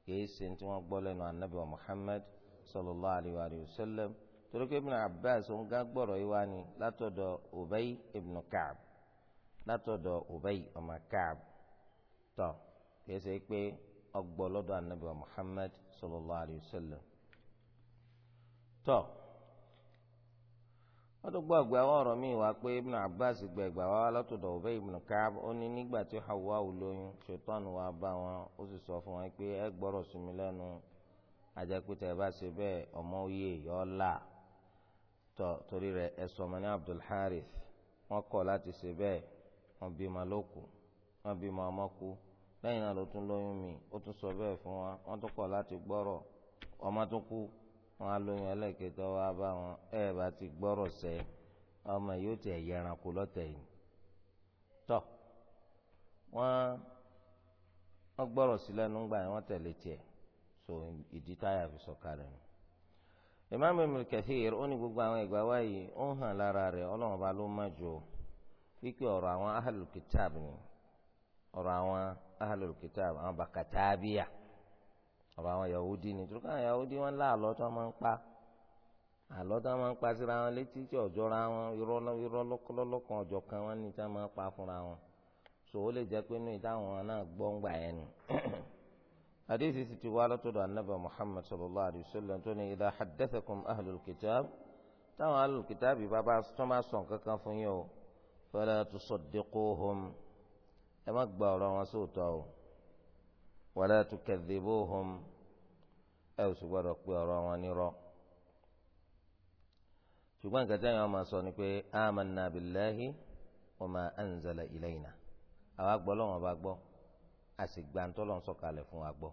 kìí ṣe tí wọ́n gbọ́ lẹ́nu anabi wa Muhammad sallallahu alayhi wa sallam torí pé ibn Abbas òun gán gbọ̀rọ̀ yìí wá ni látọ̀dọ̀ Ubay ibn Ka'b látọ̀dọ̀ Ubay ọmọ Ka'b tọ̀ kìí ṣe pé ọgbọ́ lọ́dọ̀ anabi Muhammad sallallahu alayhi wa sallam tọ̀ wọ́n tún gbọ́ ọgbà àwọn ọ̀rọ̀ míì wá pé ibn Abbas gba ẹgbà wá látọ̀dọ̀ Ubay ibn Ka'b ó ní nígbà tí Hawa olóyún ṣètọ́nù wa bá wọn ó sì sọ fún wọn pé ẹ gbọ́rọ̀ sí mi lẹ́nu ajakute ẹ bá ṣe bẹ́ẹ̀ ọmọ oyè yọ la tọ torí rẹ̀ ẹ sọmọ ní Abdul Harith wọ́n láti ṣe bẹ́ẹ̀ wọn bímọ ma kù wọn bímọ ma kù lẹ́yìn náà ló tún lóyún mi ó tún sọ bẹ́ẹ̀ fún wa wọ́n tún kọ̀ láti gbọ́rọ̀ ọmọ tún kú wọn á lóyún wa bá wọn ẹ̀ bá ti gbọ́rọ̀ sẹ ọmọ yóò tẹ̀ yẹran kú lọ́tẹ̀ yìí tọ́ wọ́n wọ́n gbọ́rọ̀ yẹn so ìdí táyà fi sọ̀kalẹ̀ nù. ó ní gbogbo àwọn ìgbà wáyé ó hàn lára ló má wípé ọ̀rọ̀ àwọn ahlul kitab ni ọ̀rọ̀ àwọn ahlul kitab àwọn bàkàtàbíyà ọ̀rọ̀ àwọn yahudi ni tó káwọn yahudi wọn lá àlọ́ tó máa ń pa àlọ́ tó máa ń pa síra wọn létí tí ọ̀jọ́ra wọn irọ́ lọ́kọ́lọ́kọ́ ọ̀jọ̀ kan wọn ní tá máa pa fúnra wọn so ó lè jẹ́ pé inú ìdáhùn wọn náà gbọ́ngbà yẹn nù. hadith sì ti wá látọ̀dọ̀ anábà muhammad sallallahu alayhi wa sallam tó ní idha haddathakum ahlul kitab táwọn ahlul kitab yìí bá bá tó máa sọ nǹkan fún yín o fala tusaddiquhum ẹ má gba ọ̀rọ̀ wọn sóòótọ́ o wala tukadhibuhum ẹ ò sì gbọ́dọ̀ pé ọ̀rọ̀ wọn nírọ́ ṣùgbọ́n nǹkan tí àwọn máa sọ ni pé amanna billahi wa ma anzala ilayna àwa gbọ́ lọ́wọ́n bá gbọ́ a sì gba ntọ́lọ́ sọ̀kalẹ̀ fún wa gbọ́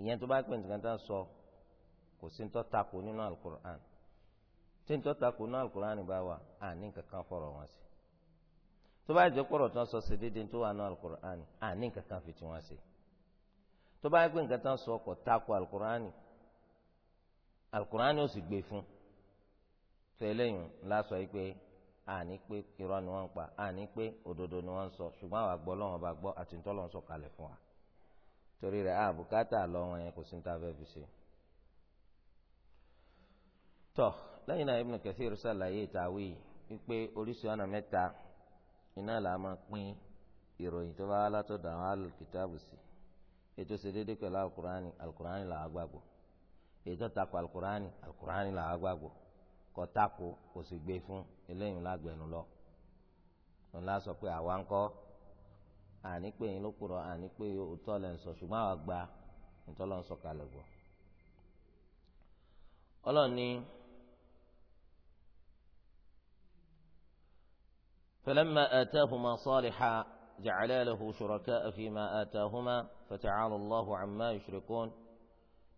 ìyẹn tó bá pè nǹkan tá sọ kò sí ntọ́ tako nínú alukur'an tí ntọ́ tako nínú alukur'an bá wà á ní kankan fọ̀rọ̀ wọn sí tó bá jẹ́ pọ̀rọ̀ tán sọ ṣèdédé tó wà ní alukur'ani àní nǹkan kan fi tí wọ́n ṣe tó bá gbé nǹkan tán sọ ọkọ̀ tako alukur'ani alukur'ani ó sì gbé fún tó eléyìí lásọ yìí pé àní pé irọ́ ni wọ́n ń pa àní pé òdodo ni wọ́n ń sọ ṣùgbọ́n àwa gbọ́ lọ́wọ́n bá gbọ́ àti ntọ́ lọ́wọ́n sọ kalẹ̀ fún wa torí rẹ̀ àbùkátà lọ́wọ́n yẹn kò sí níta fẹ́ fi ṣe. tọ́ lẹ́yìn náà Ibn Kathir ṣàlàyé ìtàwé yìí wípé oríṣi ọ̀nà mẹ́ta iná là á máa pín ìròyìn tó bá wá látọ̀dọ̀ àwọn alùkìtàbù sí ètò ṣe déédéé pẹ̀lú alukurani alukurani là á gbàgbọ́ ètò takò alukurani alukurani là á gbàgbọ́ kò takò kò sì gbé fún eléyìí lágbẹ̀nu lọ òun lá sọ pé àwa ń kọ́ àní pé yín ló kúrọ̀ àní pé òótọ́ lẹ́ ń sọ ṣùgbọ́n àwa gba ìtọ́lọ́ ń sọ kalẹ̀ gbọ́ ọlọ́ọ̀ni. فلما آتاهما صالحا جعلا له شركاء فيما آتاهما فتعالى الله عما يشركون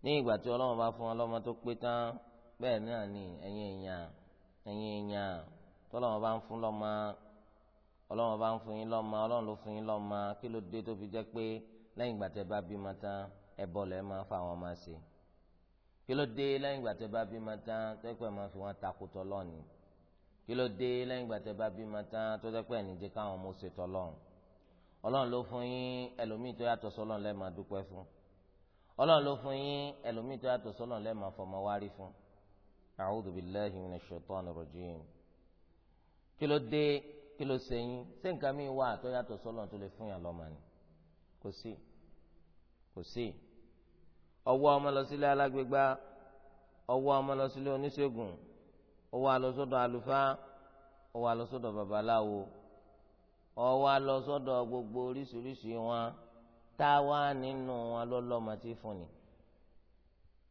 ní ìgbà tí ọlọ́run bá fún ọlọ́mọ tó pé tán bẹ́ẹ̀ náà ni ẹ̀yin èèyàn ẹ̀yin èèyàn tọ́lọ́run bá ń fún lọ́mọ ọlọ́run bá ń fún yín lọ́mọ ọlọ́run ló fún yín lọ́mọ kí ló dé tó fi jẹ́ pé lẹ́yìn ìgbà tẹ́ bá bímọ tán ẹbọ lẹ́ máa fa àwọn máa ṣe kí ló dé lẹ́yìn ìgbà tẹ́ bá bímọ tán tẹ́ pẹ́ máa fi wọ́n takò tọ́lọ́ọ̀nì Kilo de dé lẹ́yìn ìgbà tẹ́ bá bímọ tán tó jẹ́ pé ẹ̀nìjẹ káwọn ọmọ ṣe tọ́lọ́run ọlọ́run ló fún yín ẹlòmíì tó yàtọ̀ sọ́lọ́run lẹ́ẹ̀ máa dúpẹ́ fún ọlọ́run ló fún yín ẹlòmíì tó yàtọ̀ sọ́lọ́run lẹ́ẹ̀ máa fọmọ wárí fún a'udhu billahi minash shaitani rajim kí ló dé kí ló ṣe yín ṣé nǹkan mi wà tó yàtọ̀ sọ́lọ́run tó lè fún yàn lọ́mọ ni kò sí kò sí ọwọ́ ọmọ lọ sílé alágbègbà ọwọ́ ọmọ lọ sílé oníṣègùn ó wá lọ sọ́dọ̀ àlùfáà ó wá lọ sọ́dọ̀ babaláwo ó wá lọ sọ́dọ̀ gbogbo oríṣiríṣi wọn tá a wá nínú wọn lọ́lọ́mọ tí fún ni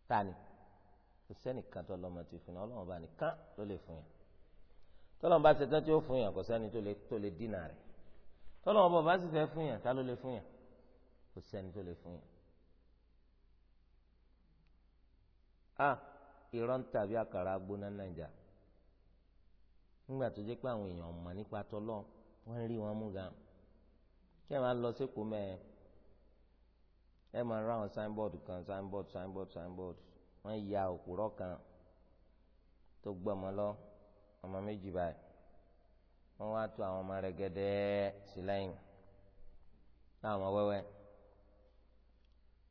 tani kò sẹ́nìkan tó lọ́mọ tí fún ni ọlọ́run bá nìkan ló lè fún yàn tọ́lọ́run bá ṣetán tí ó fún yàn kò sẹ́ni tó lè dínà rẹ̀ tọ́lọ́run bá bá sì fẹ́ fún yàn tá ló lè fún yàn kò sẹ́ni tó lè fún yàn. a ah, ìrọ̀ àkàrà gbóná nàìjà nígbà tó jẹ́ pé àwọn èèyàn mọ̀ nípa tọ́lọ́ wọ́n rí wọn mú ga kí ẹ máa lọ sékòó mẹ́ẹ̀ ẹ máa ra àwọn signboard kan signboard signboard signboard wọ́n ya òpùrọ́ kan tó gbọ́mọ lọ ọmọ méjì báyìí wọ́n wá tó àwọn ọmọ rẹ̀ gẹ́dẹ́ sí lẹ́yìn láwọn wẹ́wẹ́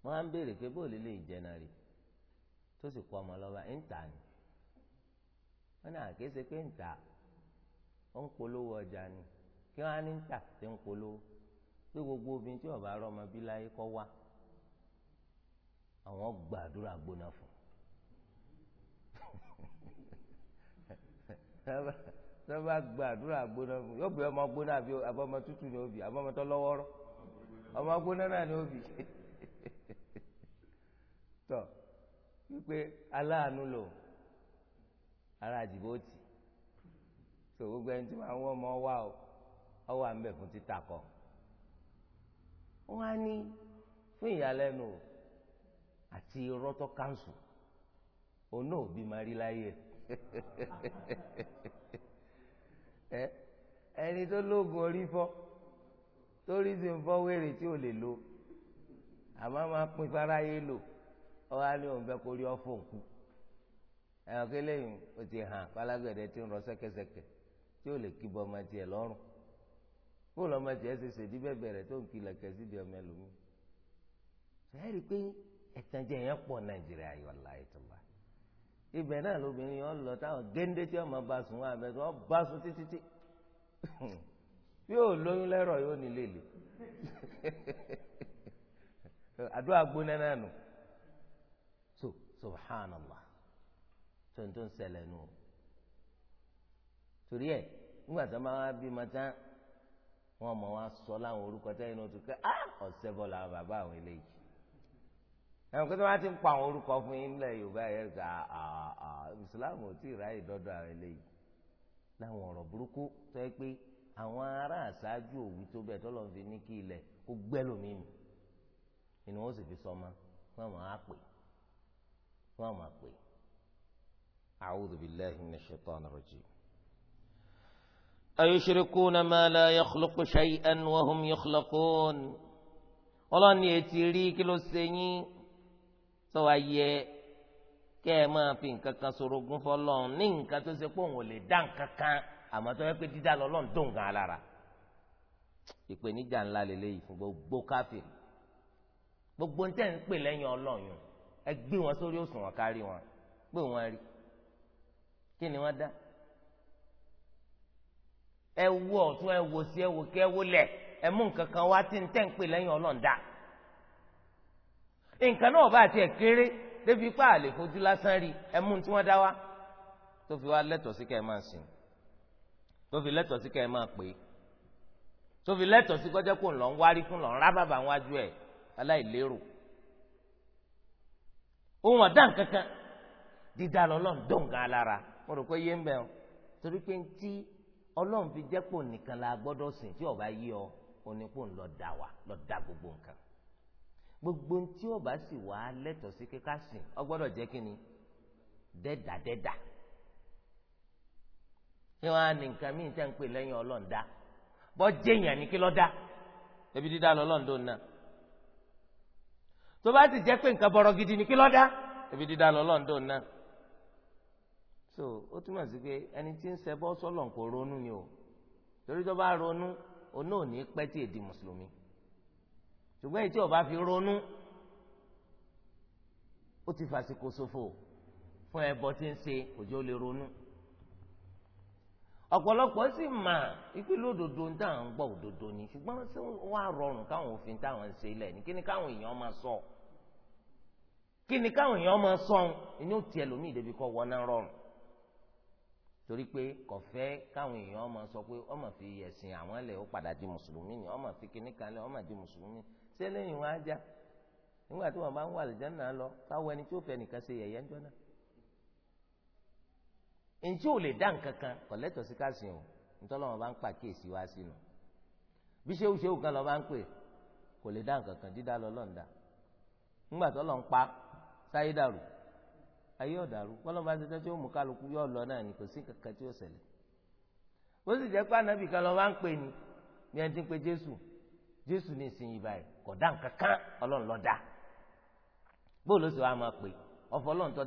wọ́n á ń béèrè pé bóòlù lè jẹ́nà tó sì kọ́ ọmọ lọ́ba ń tà ní wọ́n ní àkéṣe pé ń tà ó ń polówó ọjà ni kí wọ́n á ní tà tí ń polówó pé gbogbo obìnrin tí ọba rọmọ bí láyé kọ́ wá àwọn gbàdúrà gbóná fún sọba gbàdúrà gbóná fún yóò bí ọmọ gbóná àbí ọmọ tútù ní òbí àbí ọmọ tó lọ́wọ́rọ́ ọmọ gbóná náà ní òbí tọ wípé aláàánú lò ara jìbòtì so gbogbo ẹni tí máa ń ọmọ wá o ọ wà ń bẹ̀ fún títa kọ. wọ́n á ní fún ìyàlẹ́nu àti irọ́ tó káńsù òun náà òbí máa rí láyé ẹni tó lóògùn orí fọ́ torí sì ń fọ́ wèrè tí ò lè lo àmọ́ máa pín fáráyé lò ọwọ́ á ní òun fẹ́ kó rí ọ́ fóun ẹ̀ ọ́ kélé yìí ó ti hàn pálágbẹ̀dẹ ti ń rọ sẹ́kẹ́sẹ́kẹ́. tí ó lè kí bọ ọmọ tiẹ̀ lọ́rùn bó lọ́mọ tiẹ̀ ṣe ṣèdí bẹ́ẹ̀ tó ń kí lẹ̀kẹ́ di ọmọ ẹlòmíì sẹ́yìn pé ẹ̀tànjẹ yẹn pọ̀ nàìjíríà yọ̀ọ̀la ìtura ibẹ̀ náà lóbìnrin yẹn lọ táwọn géńdé tí ọmọ bá sùn wọn bá sùn títí tí yóò lóyún yóò nílé lè náà nù so subhanallah nù torí ẹ̀ nígbà tí wọ́n bá wá bímọ tán wọ́n mọ̀ wá sọ láwọn orúkọ tẹ́yìn náà tó kẹ́ á ọ̀sẹ̀ bọ́ làwọn bàbá àwọn eléyìí ẹ̀rọ pé tí wọ́n ti ń pa àwọn orúkọ fún yín nílẹ̀ Yorùbá yẹn gà á ìsìláàmù ò tí ì ráyè dọ́dọ̀ àwọn eléyìí láwọn ọ̀rọ̀ burúkú tó yẹ pé àwọn ará àṣáájú òwú tó bẹ̀ tọ́lọ̀ fi ní kí ilẹ̀ kó gbẹ́ lómi nù inú wọn sì fi sọmọ fún àwọn àpè fún àwọn àpè. A'udhu billahi minash shaitani rajim ayushrikuna ma la yakhluqu shay'an wa hum yukhlaqun ọlọ́ni etí rí kí ló ṣe yín sọ wá yẹ kẹ́ ẹ máa fi nǹkan kan sorogún fọlọ́run ní nǹkan tó ṣe pé òun ò lè dá nǹkan kan àmọ́ tó yẹ pé dídá lọ́lọ́run tó nǹkan alára ìpèníjà ńlá lélẹ́yìí fún gbogbo káfíìn gbogbo ń tẹ̀ ń pè lẹ́yìn ọlọ́run ẹ gbé wọn sórí òṣùwọ̀n kárí wọn gbé wọn rí kí ni wọ́n dá ẹ wo ọ̀tún ẹ wo sí ẹ wo kí ẹ wo lẹ̀ ẹ mú nǹkan kan wá tí ń tẹ̀ ń pè lẹ́yìn ọlọ́ǹda nǹkan náà bá tiẹ̀ kéré débi pa àlè fojú lásán rí ẹ mú tí wọ́n dá wá tó fi wá lẹ́tọ̀ọ́ sí kẹ́ ẹ máa sìn tó fi lẹ́tọ̀ọ́ sí kẹ́ ẹ máa pè é tó fi lẹ́tọ̀ọ́ sí kọ́jẹ́ kó ń lọ ń wárí fún lọ ń rá bàbá wájú ẹ̀ aláìlérò ohun ọ̀dàn kankan dídá lọ́lọ́ ọlọ́run fi jẹ́pò nìkan la gbọ́dọ̀ sìn tí ọba yí ọ onípò ń lọ dà wá lọ dà gbogbo nǹkan gbogbo tí ọba sì wá lẹ́tọ̀ọ́ sí kíkà sìn ọ gbọ́dọ̀ jẹ́ kí ni dẹ́dà dẹ́dà kí wọ́n á ní nǹkan míì tẹ́ ń pè lẹ́yìn ọlọ́run dá bọ́ jẹ́yìn àní kí lọ́ dá ebi dídá lọ lọ́run tó tó bá sì jẹ́ pé nǹkan bọ̀rọ̀ gidi ni kí lọ́ dá ebi dídá lọ lọ́run tó so ó túmọ̀ sí pé ẹni tí ń ṣẹbọ sọ́lọ̀ kò ronú ni o torí tó bá ronú oná ò ní pẹ́ tí èdè mùsùlùmí ṣùgbọ́n èyí tí ó bá fi ronú ó ti fàsìkò ṣòfò fún ẹbọ tí ń ṣe òjò lè ronú ọ̀pọ̀lọpọ̀ sì mà ikú lódodo ń tà ń gbọ́ òdodo ni ṣùgbọ́n ṣé wàá rọrùn káwọn òfin táwọn ń ṣe lẹ̀ ní kí ni káwọn èèyàn máa sọ kí ni káwọn èèyàn máa sọ ìyóò tiẹ̀ lómi ìdẹ́bi kọ́ wọ́n náà rọrùn torí pé kò èèyàn ọmọ sọ pé ọmọ fi ẹ̀sìn àwọn ẹlẹ ó padà di mùsùlùmí ni ọmọ fi kíní kan lẹ̀ ọmọ di mùsùlùmí ṣé lẹ́yìn wọn á já nígbà tí wọn bá ń wà lọ ẹni tí ó fẹ́ nìkan ṣe yẹ̀yẹ́ ńjọ́ náà ò lè sí o nítorí wọn bá ń pa kéèsì wá sínú bí ṣéwù ṣéwù kan ayé ọ̀dàrú bọ́lá bá ti tán tí ó mú kálukú yọ lọ náà ni kò sí kankan tí ó ṣẹlẹ̀ ó sì jẹ́ pé ànábì kan lọ́ọ́ wá ń pè ní bí ẹni tí ń pe jésù jésù ní ìsinyìí báyìí kò dá nǹkan kan ọlọ́run ló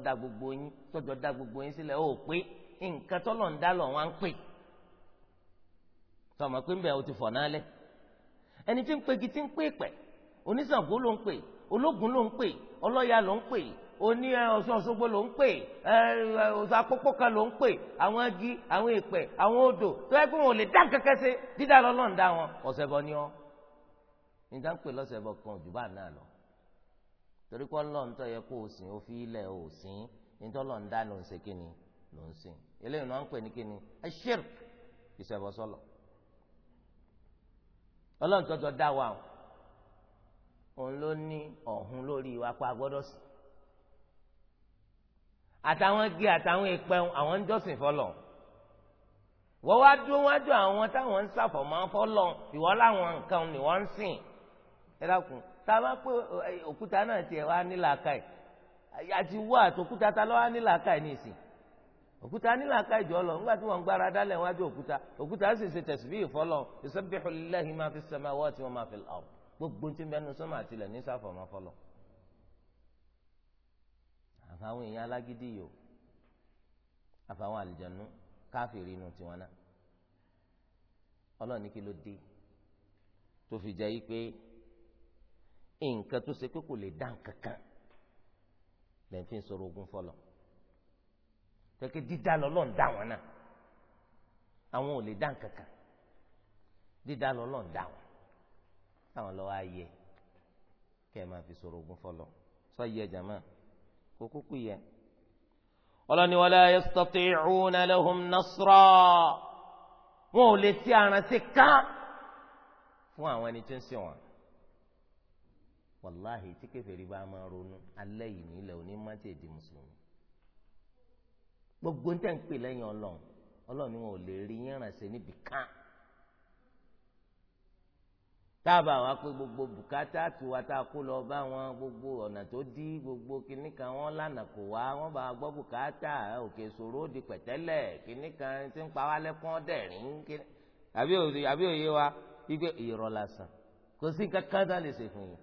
dá gbogbo yín tọ́jọ́ dá gbogbo yín sílẹ̀ ó pé nǹkan dá wá ń pè tọmọ pé ń ti fọ̀ náà ẹni pè pẹ̀ ló ń pè ológun ló ń pè ló oní ọ̀sán eh, ọ̀ṣogbo ló ń pè eh, eh, ọ̀sán àpópó kan ló ń pè àwọn igi àwọn ìpẹ́ àwọn odò tó yẹ kó wọn ò lè dá kẹ́kẹ́ sí dídá lọ́lọ́run dá wọn ọ̀sẹ̀ bọ̀ ni ọ́ níta ń pè lọ́sẹ̀ bọ̀ kan jù bá náà lọ torí kọ́ lọ́n tó yẹ kó o sìn ó fi ilẹ̀ o sìn nítorí lọ́n dá ló ń ṣe kíni ló ń sìn eléyìí náà ń pè ní kíni ẹ̀ṣẹ̀r ìṣẹ̀bọ̀sọ̀lọ̀ ọlọ́run tọ́jọ́ dá wa òun ló ní ọ̀hún lórí wa pa gbọ́dọ̀ sìn àtàwọn igi àtàwọn ìpẹun àwọn ń jọ́sìn fọlọ wọ́n wá dúró wájú àwọn táwọn ń ṣàfọ̀mọ́ fọlọ ìwọ láwọn nǹkan ni wọ́n ń sìn ẹ dákun tá a bá pé òkúta náà tiẹ̀ wá ní làákàyè àti wọ́ àtòkúta ta ló wá ní làákàyè ní ìsìn òkúta nílò akájọ lọ nígbà tí wọn gbára dálẹ̀ wájú òkúta òkúta sì ṣe tẹsibíì fọlọ yusabbihu lillahi ma fi samawati wa ma fil ard gbogbo tí mẹnu sọmọ àtìlẹ ní sáfọmọ fọlọ àfàwọn èèyàn alágídí yìí o àfàwọn àlìjànú káfíìrì inú tiwọn náà ọlọ́ọ̀ni kí ló dé tó fi jẹ́ yìí pé nǹkan tó ṣe pé kò lè dá nǹkan kan lẹ́yìn fi ń sọ̀rọ̀ ogun fọlọ́ kẹ́kẹ́ dídá lọ́lọ́ ń dá wọn náà àwọn ò lè dá nǹkan kan dídá lọ́lọ́ ń dá wọn táwọn lọ́wọ́ á kẹ́ ẹ máa fi sọ̀rọ̀ ogun fọlọ́ sọ yẹ jàmáà kò kúkú yẹ. ọlọ́ni wala yastati'una lahum nasra wọn ò lè ti àrántí kán fún àwọn ẹni tí ń sìn wọn. wàláhì tí kèfèrí bá máa ronú alẹ́ yìí nílẹ̀ òní má ti di mùsùlùmí. gbogbo ń tẹ̀ ń pè lẹ́yìn ọlọ́run ọlọ́run ò lè rí yẹn ràn ṣe níbi kán. tábà wá pé gbogbo bùkátà tiwa tá a kó lọ bá wọn gbogbo ọ̀nà tó dí gbogbo kinika kan wọn lànà kò wá wọn bá gbọ́ bùkátà òkè di pẹ̀tẹ́lẹ̀ kinní kan tí ń pa wá lẹ́kún ọ̀dẹ̀rín kinní àbí òye wa wípé irọ́ lásán kò sí kankan tá lè ṣe fún yín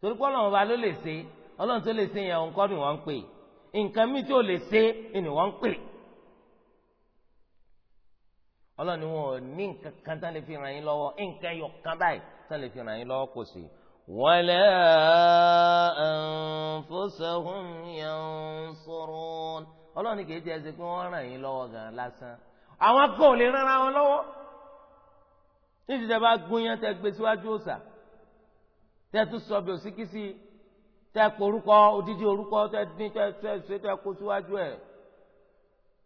torí pé ọlọ́run ọba ló lè ṣe ọlọ́run ni wọ́n ń pè nǹkan tí ni wọ́n ń ọlọ́ni wọn ò ní nǹkan kan tán lè fi ràn yín lọ́wọ́ nǹkan ẹyọ kan báyìí tán lè fi ràn yín lọ́wọ́ kò sí. wala anfusahum yansurun ọlọ́ni kì í ẹsẹ̀ pé wọ́n ràn yín lọ́wọ́ gan lásán àwọn kan ò lè ràn ara wọn lọ́wọ́ níbi tẹ bá tẹ gbé síwájú òòsà tẹ tún sọ bí tẹ pé orúkọ odidi orúkọ tẹ tẹ tẹ ṣe tẹ kó síwájú ẹ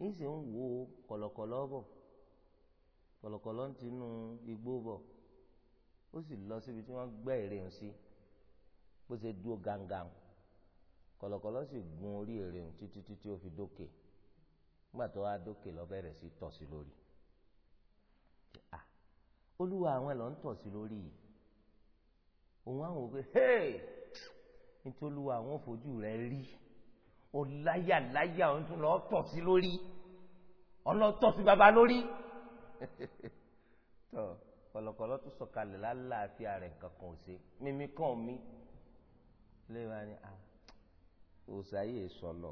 ń sì ń wo kọ̀lọ̀kọ̀lọ̀ bọ̀ kọ̀lọ̀kọ̀lọ̀ ń tinú igbó bọ̀ ó sì lọ síbi tí wọ́n gbẹ́ ìrìn sí bó ṣe dúró gangan kọ̀lọ̀kọ̀lọ̀ sì gun orí ìrìn títí títí ó fi dókè nígbà tó wá dókè lọ bẹ̀rẹ̀ sí tọ̀ sí lórí olúwa àwọn ẹ̀ ń tọ̀ sí lórí yìí òun àwọn òwe hey nítorí olúwa àwọn fojú rẹ̀ rí ọláyàláyà òun tún lọ tọ̀ sí lórí ọlọ́tọ̀ sí baba lórí tọ kọ̀lọ̀kọ̀lọ̀ tún sọ̀kalẹ̀ lálàáfíà rẹ̀ kankan ṣe mímí kàn mí lẹ́wọ̀n ni a ah, òòsàyè sọlọ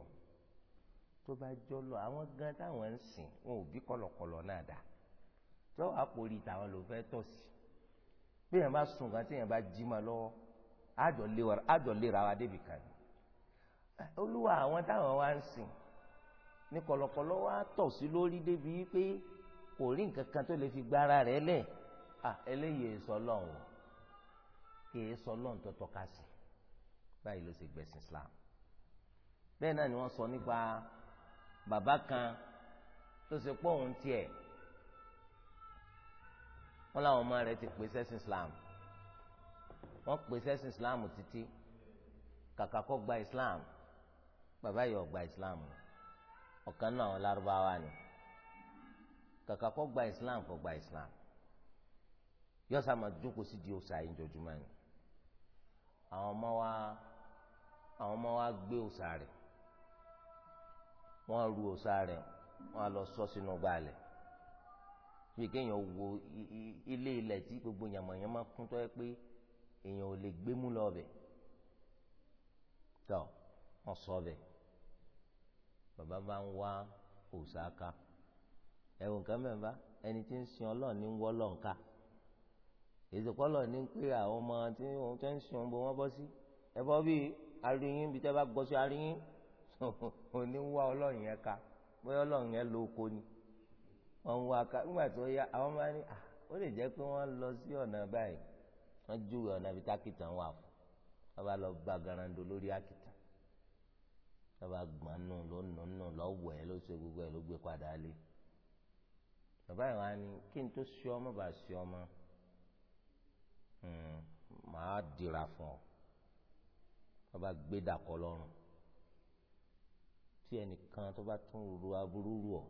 tó bá jọlọ àwọn gan táwọn ń sìn wọn ò bí kọ̀lọ̀kọ̀lọ̀ náà dà tó àpòrí tàwọn ló fẹ́ tọ̀ sí bí èèyàn bá sùn kan tí èèyàn bá jí ma lọ́wọ́ àjọ lera wa débìkan ni olúwa àwọn táwọn wá ń sìn ní kọ̀lọ̀kọ̀lọ̀ wá tọ̀ sí lórí débi wípé kò rí nǹkan kan tó lè fi gba ara rẹ̀ lẹ̀ eléyìí èso ọlọ́run kì í sọ ọlọ́run tó tọ́ka sí báyìí ló ṣe gbẹ̀sìn Islam bẹ́ẹ̀ náà ni wọ́n sọ nípa bàbá kan tó ṣe pọ̀ òun tiẹ̀ wọ́n láwọn ọmọ rẹ̀ ti pè sẹ́sìn Islam wọ́n pè sẹ́sìn Islam títí kàkà kọ́ gba Islam bàbá yìí ọgbà islam ọ̀kan náà àwọn lárúbáwá ni kàkà kọ́ gba islam kọ́ gba islam yọ sàmà jókòó sí di òòsà yìí jọjúmọ́ ni àwọn ọmọ wa àwọn ọmọ wa gbé òòsà rẹ̀ wọ́n ru òòsà rẹ̀ wọ́n lọ sọ sínú gbàlẹ̀ bí kéèyàn wo ilé ilẹ̀ tí gbogbo yàmọ̀yàmọ̀ kún tó yẹ pé èèyàn ò lè gbé mú lọ bẹ̀ tọ́ wọ́n sọ bẹ́ẹ̀ bàbá bá ń wá òòsàkà ẹ̀wọ̀n nǹkan mẹ́ba ẹni tí ń sin ọlọ́run ní wọ́ lọ́nka èzèkọ́lọ̀ ní pé àwọn ọmọ tí wọ́n tẹ́ ń sin ọmọ wọn bọ́ sí ẹ bọ́ bí aríyín bí tẹ́ bá gbọ́ sí aríyín òní wá ọlọ́run yẹn ka bóyá ọlọ́run yẹn lo oko ni wọ́n ń wá ka nígbà tó yá àwọn máa ní à ah, ó lè jẹ́ pé wọ́n lọ sí ọ̀nà báyìí wọ́n júwe ọ̀nà bíi tákìtàn wà fún wọ́n bá lọ gba lórí àkìtàn lọba gbọn nù ló nù nù lọwọ ẹ ló ṣe gbogbo ẹ ló gbé padà lé bàbá ìwà ni kí n tó ṣe ọmọ bá ṣe ọmọ hmm, màá dira fún ọ bàbá gbé dàkọ lọ́rùn tí ẹnìkan tó tún ru aburú rù ọ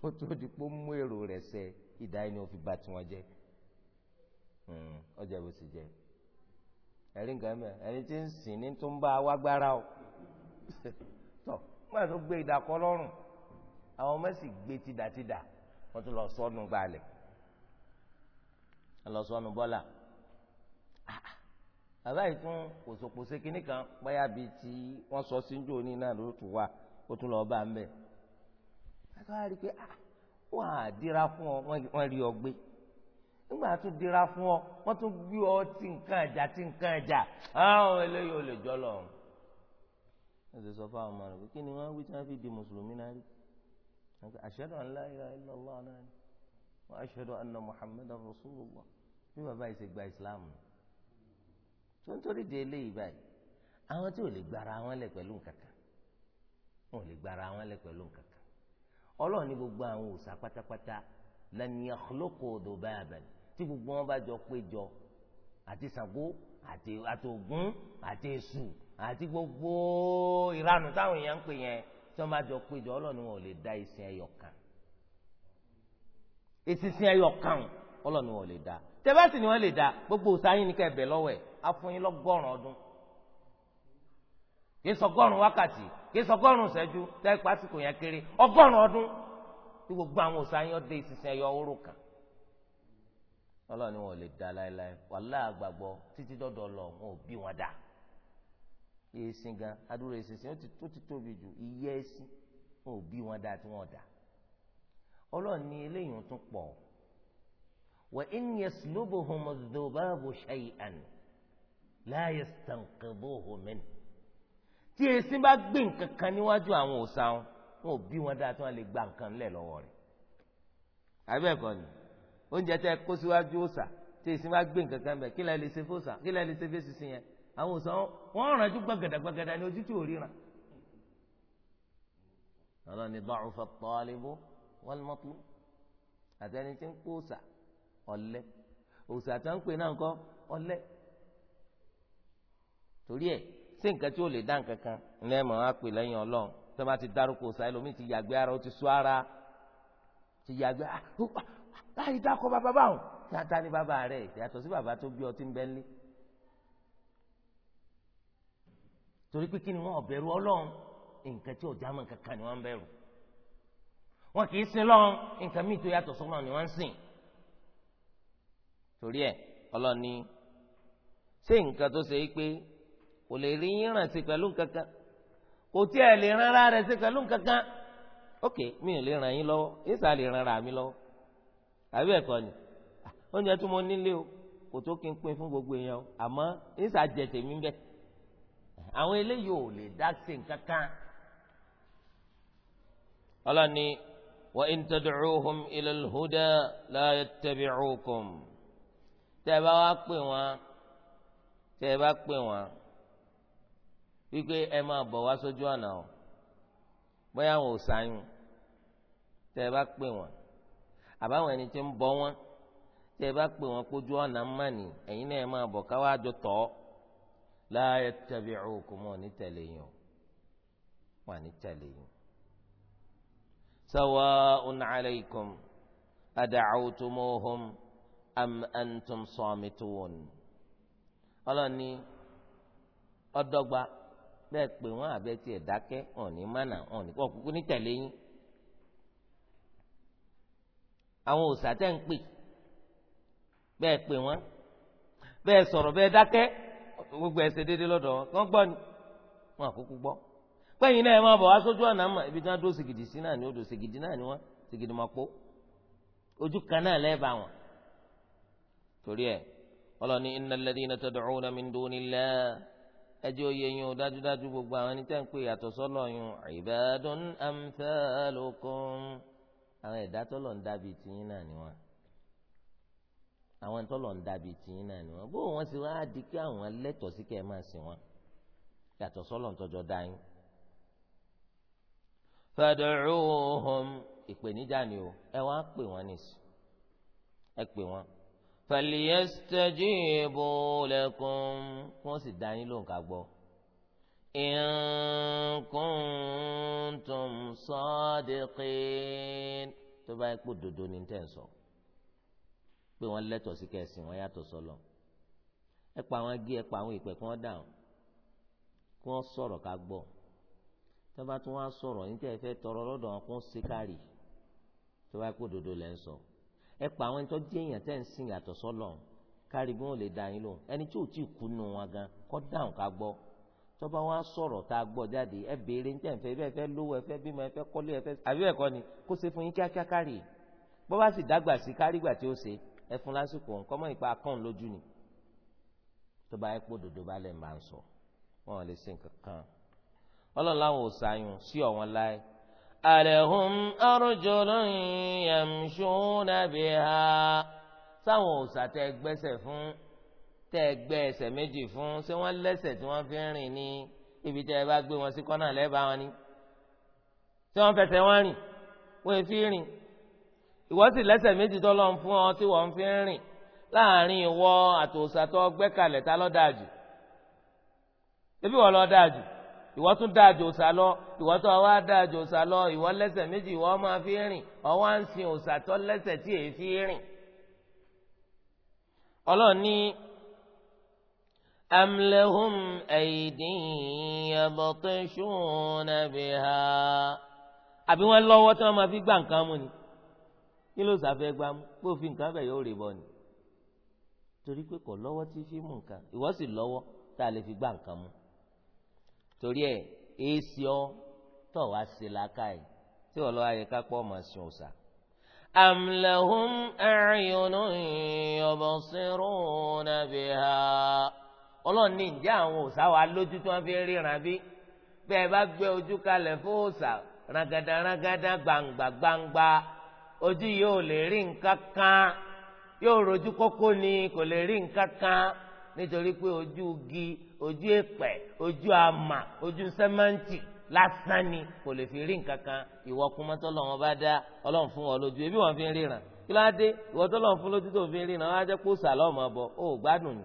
kó tó di pé ó mú èrò rẹ̀ ṣẹ ìdá ẹni ó fi bà tiwọn jẹ́ ọjà hmm, bó sì jẹ́ ẹ̀rí nǹkan mẹ́ ẹni tí ń sìn ní tó ń bá wa gbára o tọ́ nígbà tó gbé ìdàkọ́ lọ́rùn àwọn ọmọ sì gbé tìdàtìdà wọ́n tún lọ sọ́nù gbalẹ̀ lọ sọ́nù bọ́là ah, bàbá yìí tún kòsòkòsò kínní kan báyà bíi tí wọ́n sọ síjú òní náà ló tún wà ó tún lọ bá ń bẹ̀ bàbá yìí rí i pé ah, wọ́n á dira fún ọ wọ́n rí ọ gbé nígbà tó dira fún ọ wọ́n tún gbé ọ tí nǹkan ẹ̀já tí nǹkan ẹ̀já àwọn eléyìí ò lè jọ lọ. ẹ ti sọ fún àwọn ọmọ rẹ pé kí ni wọ́n wí tí wọ́n fi di mùsùlùmí náà rí ashhadu an la ilaha illallah náà ni wa ashhadu anna muhammadan rasulullah bí bàbá yìí ṣe gba islam ni tó ń torí de eléyìí báyìí àwọn tí ò lè gbara wọn lẹ pẹ̀lú nǹkankan wọn ò lè gbara wọn lẹ pẹ̀lú nǹkankan ọlọ́run ní gbogbo àwọn òòṣà pátápátá lan tí gbogbo wọn bá jọ péjọ àti Ṣàngó àti àtògún àti èṣù àti gbogbo ìranù táwọn èèyàn ń pè yẹn tí wọn bá jọ péjọ ọlọ́ni wọn ò lè dá ìsìn ẹyọ kan ìsinsin ẹyọ kan ọlọ́ni wọn ò lè dá tẹ́bẹ́sì ni wọ́n lè dá gbogbo òsáyìn ní kẹ́ẹ̀bẹ̀ lọ́wọ́ ẹ̀ afúnyín lọ́gọ́rùn ọdún kì í sọgọ́rùn wákàtí kì í sọgọ́rùn ìṣẹ́jú tẹ́ẹ̀pá àsìkò yẹn kéré ọgọ́rùn ọdún tí gbogbo àwọn òsáyìn ọdẹ ìsinsin ẹyọ oró kan ọlọ́run ni wọn ò lè da láéláé wàhálà àgbàgbọ́ títí dọ́dọ̀ lọ wọn ò bí wọn dà èsì gan adúrò èsì sí ó ti tóbi jù iye èsì wọn ò bí wọn dà tí wọn dà ọlọ́run ni eléyìí tún pọ̀ wa in yaslubuhum adh-dhubabu shay'an la yastanqidhuhu min tí èsì bá gbé nǹkan kan níwájú àwọn òòṣà wọn ò bí wọn dà tí wọn lè gba nǹkan lẹ̀ lọ́wọ́ rẹ̀ àbẹ́ẹ̀kọ́ ni oúnjẹ tẹ kó síwájú òòsà tí èsì máa gbé nǹkan kan bẹ̀ kí lẹ́ẹ̀ lè ṣe fòòsà kí lẹ́ẹ̀ lè ṣe fèsì sí yẹn àwọn òòsàn wọn rànjú gbàgàdàgbàgàdà ní ojú tí ò ríran. ọlọ́run ní da'ufa at-talibu wal-matlub àtẹni tí ń kó òòsà ọ̀lẹ òòsà tó ń pè náà kọ́ ọ̀lẹ torí ẹ̀ sí nǹkan tí ó lè dá nǹkan kan lẹ́ẹ̀mọ́ á pè lẹ́yìn ọlọ́run tó bá ti dárúkọ òòsà ẹlòmíì ti yàgbé ara ó ti sú ara ti yàgbé ah, láì dákọ bàbá báwọn tata ni bàbá rẹ yàtọ̀ sí bàbá tó bí ọtí ń bẹ ńlẹ̀ torí pé kí ni wọn ọbẹ̀rù Ọlọ́run nǹkan tí ọjà mọ kankan ni wọn ń bẹ̀rù wọn kì í sin lọ́run nǹkan míì tó yàtọ̀ sọ́mọ ni wọ́n ń sìn torí ẹ̀ Ọlọ́run ni ṣé nǹkan tó ṣe é pé kò lè rí yín ràn pẹ̀lú kankan kò tí ẹ̀ lè rán ara rẹ̀ sí pẹ̀lú kankan ok mi ò lè ràn yín lọ́wọ́ ìsà àbí ẹ̀kọ́ ni ah, oúnjẹ tí mo nílé o kò tó kí n fún gbogbo èèyàn o àmọ́ ìsà jẹ tèmi bẹ́ẹ̀ àwọn eléyìí ò lè dá sí nǹkan kan wa in tad'uuhum ilal huda la yattabi'ukum tẹ́ ẹ bá wá pè wọ́n tẹ́ ẹ bá pè wọ́n wípé ẹ máa bọ̀ wá o bóyá ò sáyún tẹ́ àbáwọn ẹni tí ń bọ́ wọn tí ẹ bá pè wọn kójú ọ̀nà mánì ẹ̀yin náà ẹ máa bọ̀ káwá jọ tọ̀ ọ́ láàyè tẹ̀bi òkun mọ́ ní tẹ̀lé yín o wà ní tẹ̀lé yín. sawa'un alaykum ad'awtumuhum am antum ọlọ́ni ọ̀dọ́gba bẹ́ẹ̀ pè wọ́n àbẹ́tì ẹ̀dákẹ́ mánà ní tẹ̀lé àwọn òòṣà tẹ́ ń pè bẹ́ẹ̀ pè wọ́n bẹ́ẹ̀ sọ̀rọ̀ bẹ́ẹ̀ dákẹ́ gbogbo ẹ̀ṣẹ̀ dédé lọ́dọ̀ wọn gbọ́ ni wọn àkókò gbọ́ pẹ́yìn náà ẹ máa bọ̀ wá sójú ọ̀nà àmọ́ ibi tí wọ́n dó sí náà ni ó dó sìgìdì náà ni wọ́n máa wọn. àwọn ẹ̀dá tọ́lọ̀ ń dábìí tìyín náà ni wọ́n àwọn tọ́lọ̀ ń dábìí tìyín náà ni wọ́n bó wọ́n sì wá di kí àwọn lẹ́tọ̀ọ́ sí kẹ́ ẹ máa sìn wọ́n yàtọ̀ sọ́lọ̀ tọjọ́ dá yín. fad'uuhum ìpèníjà ni o ẹ wá pè wọ́n nìsí ẹ pè wọ́n. falyastajibu lakum kí wọ́n sì In kuntum sadiqin, tó bá yẹ kó dodo ní tẹ́ ń sọ pé wọ́n lẹ́tọ̀ọ́ sí kẹ́sìn wọ́n yàtọ̀ sọ́lọ́ ẹ pa àwọn igi ẹ pa àwọn ìpẹ́ kí wọ́n dà kí wọ́n sọ̀rọ̀ ká gbọ́ tó bá tún wá sọ̀rọ̀ ní tẹ́ ẹ fẹ́ tọrọ lọ́dọ̀ wọn kó ń ṣe tó bá yẹ kó dodo lẹ́ ń sọ ẹ pa àwọn ẹni tó jẹ́ èèyàn tẹ́ ń sìn yàtọ̀ sọ́lọ́ kárí bí wọ́n lè dá yín lóhùn ẹni tí ò tí ì kú nù wọn gan kọ́ dáhùn ká gbọ́ tọ́ba wa sọ̀rọ̀ tá a gbọ́ jáde ẹ béèrè ní tẹ̀fẹ́ bẹ́ẹ̀ fẹ́ lówó ẹ fẹ́ bímọ ẹ fẹ́ kọ́lé ẹ fẹ́ àbí ẹ̀kọ́ ni kó ṣe fún yín kíákíá kárì bó bá sì dàgbà sí kárí gbà tí ó ṣe ẹ fún lásìkò nǹkan mọ́ ìpa akọ́n lójú ni tọ́ba ẹ dòdò bá lẹ̀ máa ń sọ wọn lè ṣe nǹkan kan ọlọ́run láwọn ò sàyùn sí ọ̀wọ́n láì àlẹ́hùn tẹ́ ẹ gbẹ́ ẹsẹ̀ méjì fún ṣé wọ́n lẹ́sẹ̀ tí wọ́n fi ń rìn ní ibi tẹ́ ẹ bá gbé wọn sí kọ́nà lẹ́bàá wọn ni tí wọ́n fẹsẹ̀ wọn rìn wọ́n fi rìn ìwọ sì lẹ́sẹ̀ méjì tó lọ́n fún ọ tí wọ́n fi ń rìn láàrin ìwọ àtòsàtọ́ gbẹ́kàlẹ̀ ta ló dáa jù ebi wọ́n ló dáa jù ìwọ tún dáa jù òsà lọ ìwọ tó wá dáa jù òsà lọ ìwọ lẹ́sẹ̀ méjì ìwọ máa fi rìn ọwọ́ à ń sin òsàtọ́ lẹ́sẹ̀ tí èé fi rìn ọlọ́ọ̀ni أم لهم أيدي يبطشون بها àbí wọn lọ́wọ́ tí wọ́n máa fi gbá nǹkan mú ni kí ló sàfẹ́ gbá mú kó fi nǹkan bẹ̀ yóò rè bọ́ ni torí pé kò lọ́wọ́ tí fi mú nǹkan ìwọ sì lọ́wọ́ tá a lè fi gbá nǹkan mú torí ẹ̀ èsì ọ tọ̀ wá sí làákàyè tí wọ́n lọ́wọ́ ayé ká pọ̀ máa sùn ọ̀sà. أم لهم أعين يبصرون بها ọlọ́run ní ǹjẹ́ àwọn òòṣà wa lójú tí wọ́n fi ń ríran bí bẹ́ẹ̀ bá gbé ojú kalẹ̀ fún òòṣà rangada rangada gbangba gbangba ojú yóò lè rí nǹkan kan yóò rojú kókó ni kò lè rí nǹkan kan nítorí pé ojú gi ojú èpẹ̀ ojú àmà ojú sẹ́mẹ́ǹtì lásán kò lè fi rí nǹkan kan ìwọ bá dá fún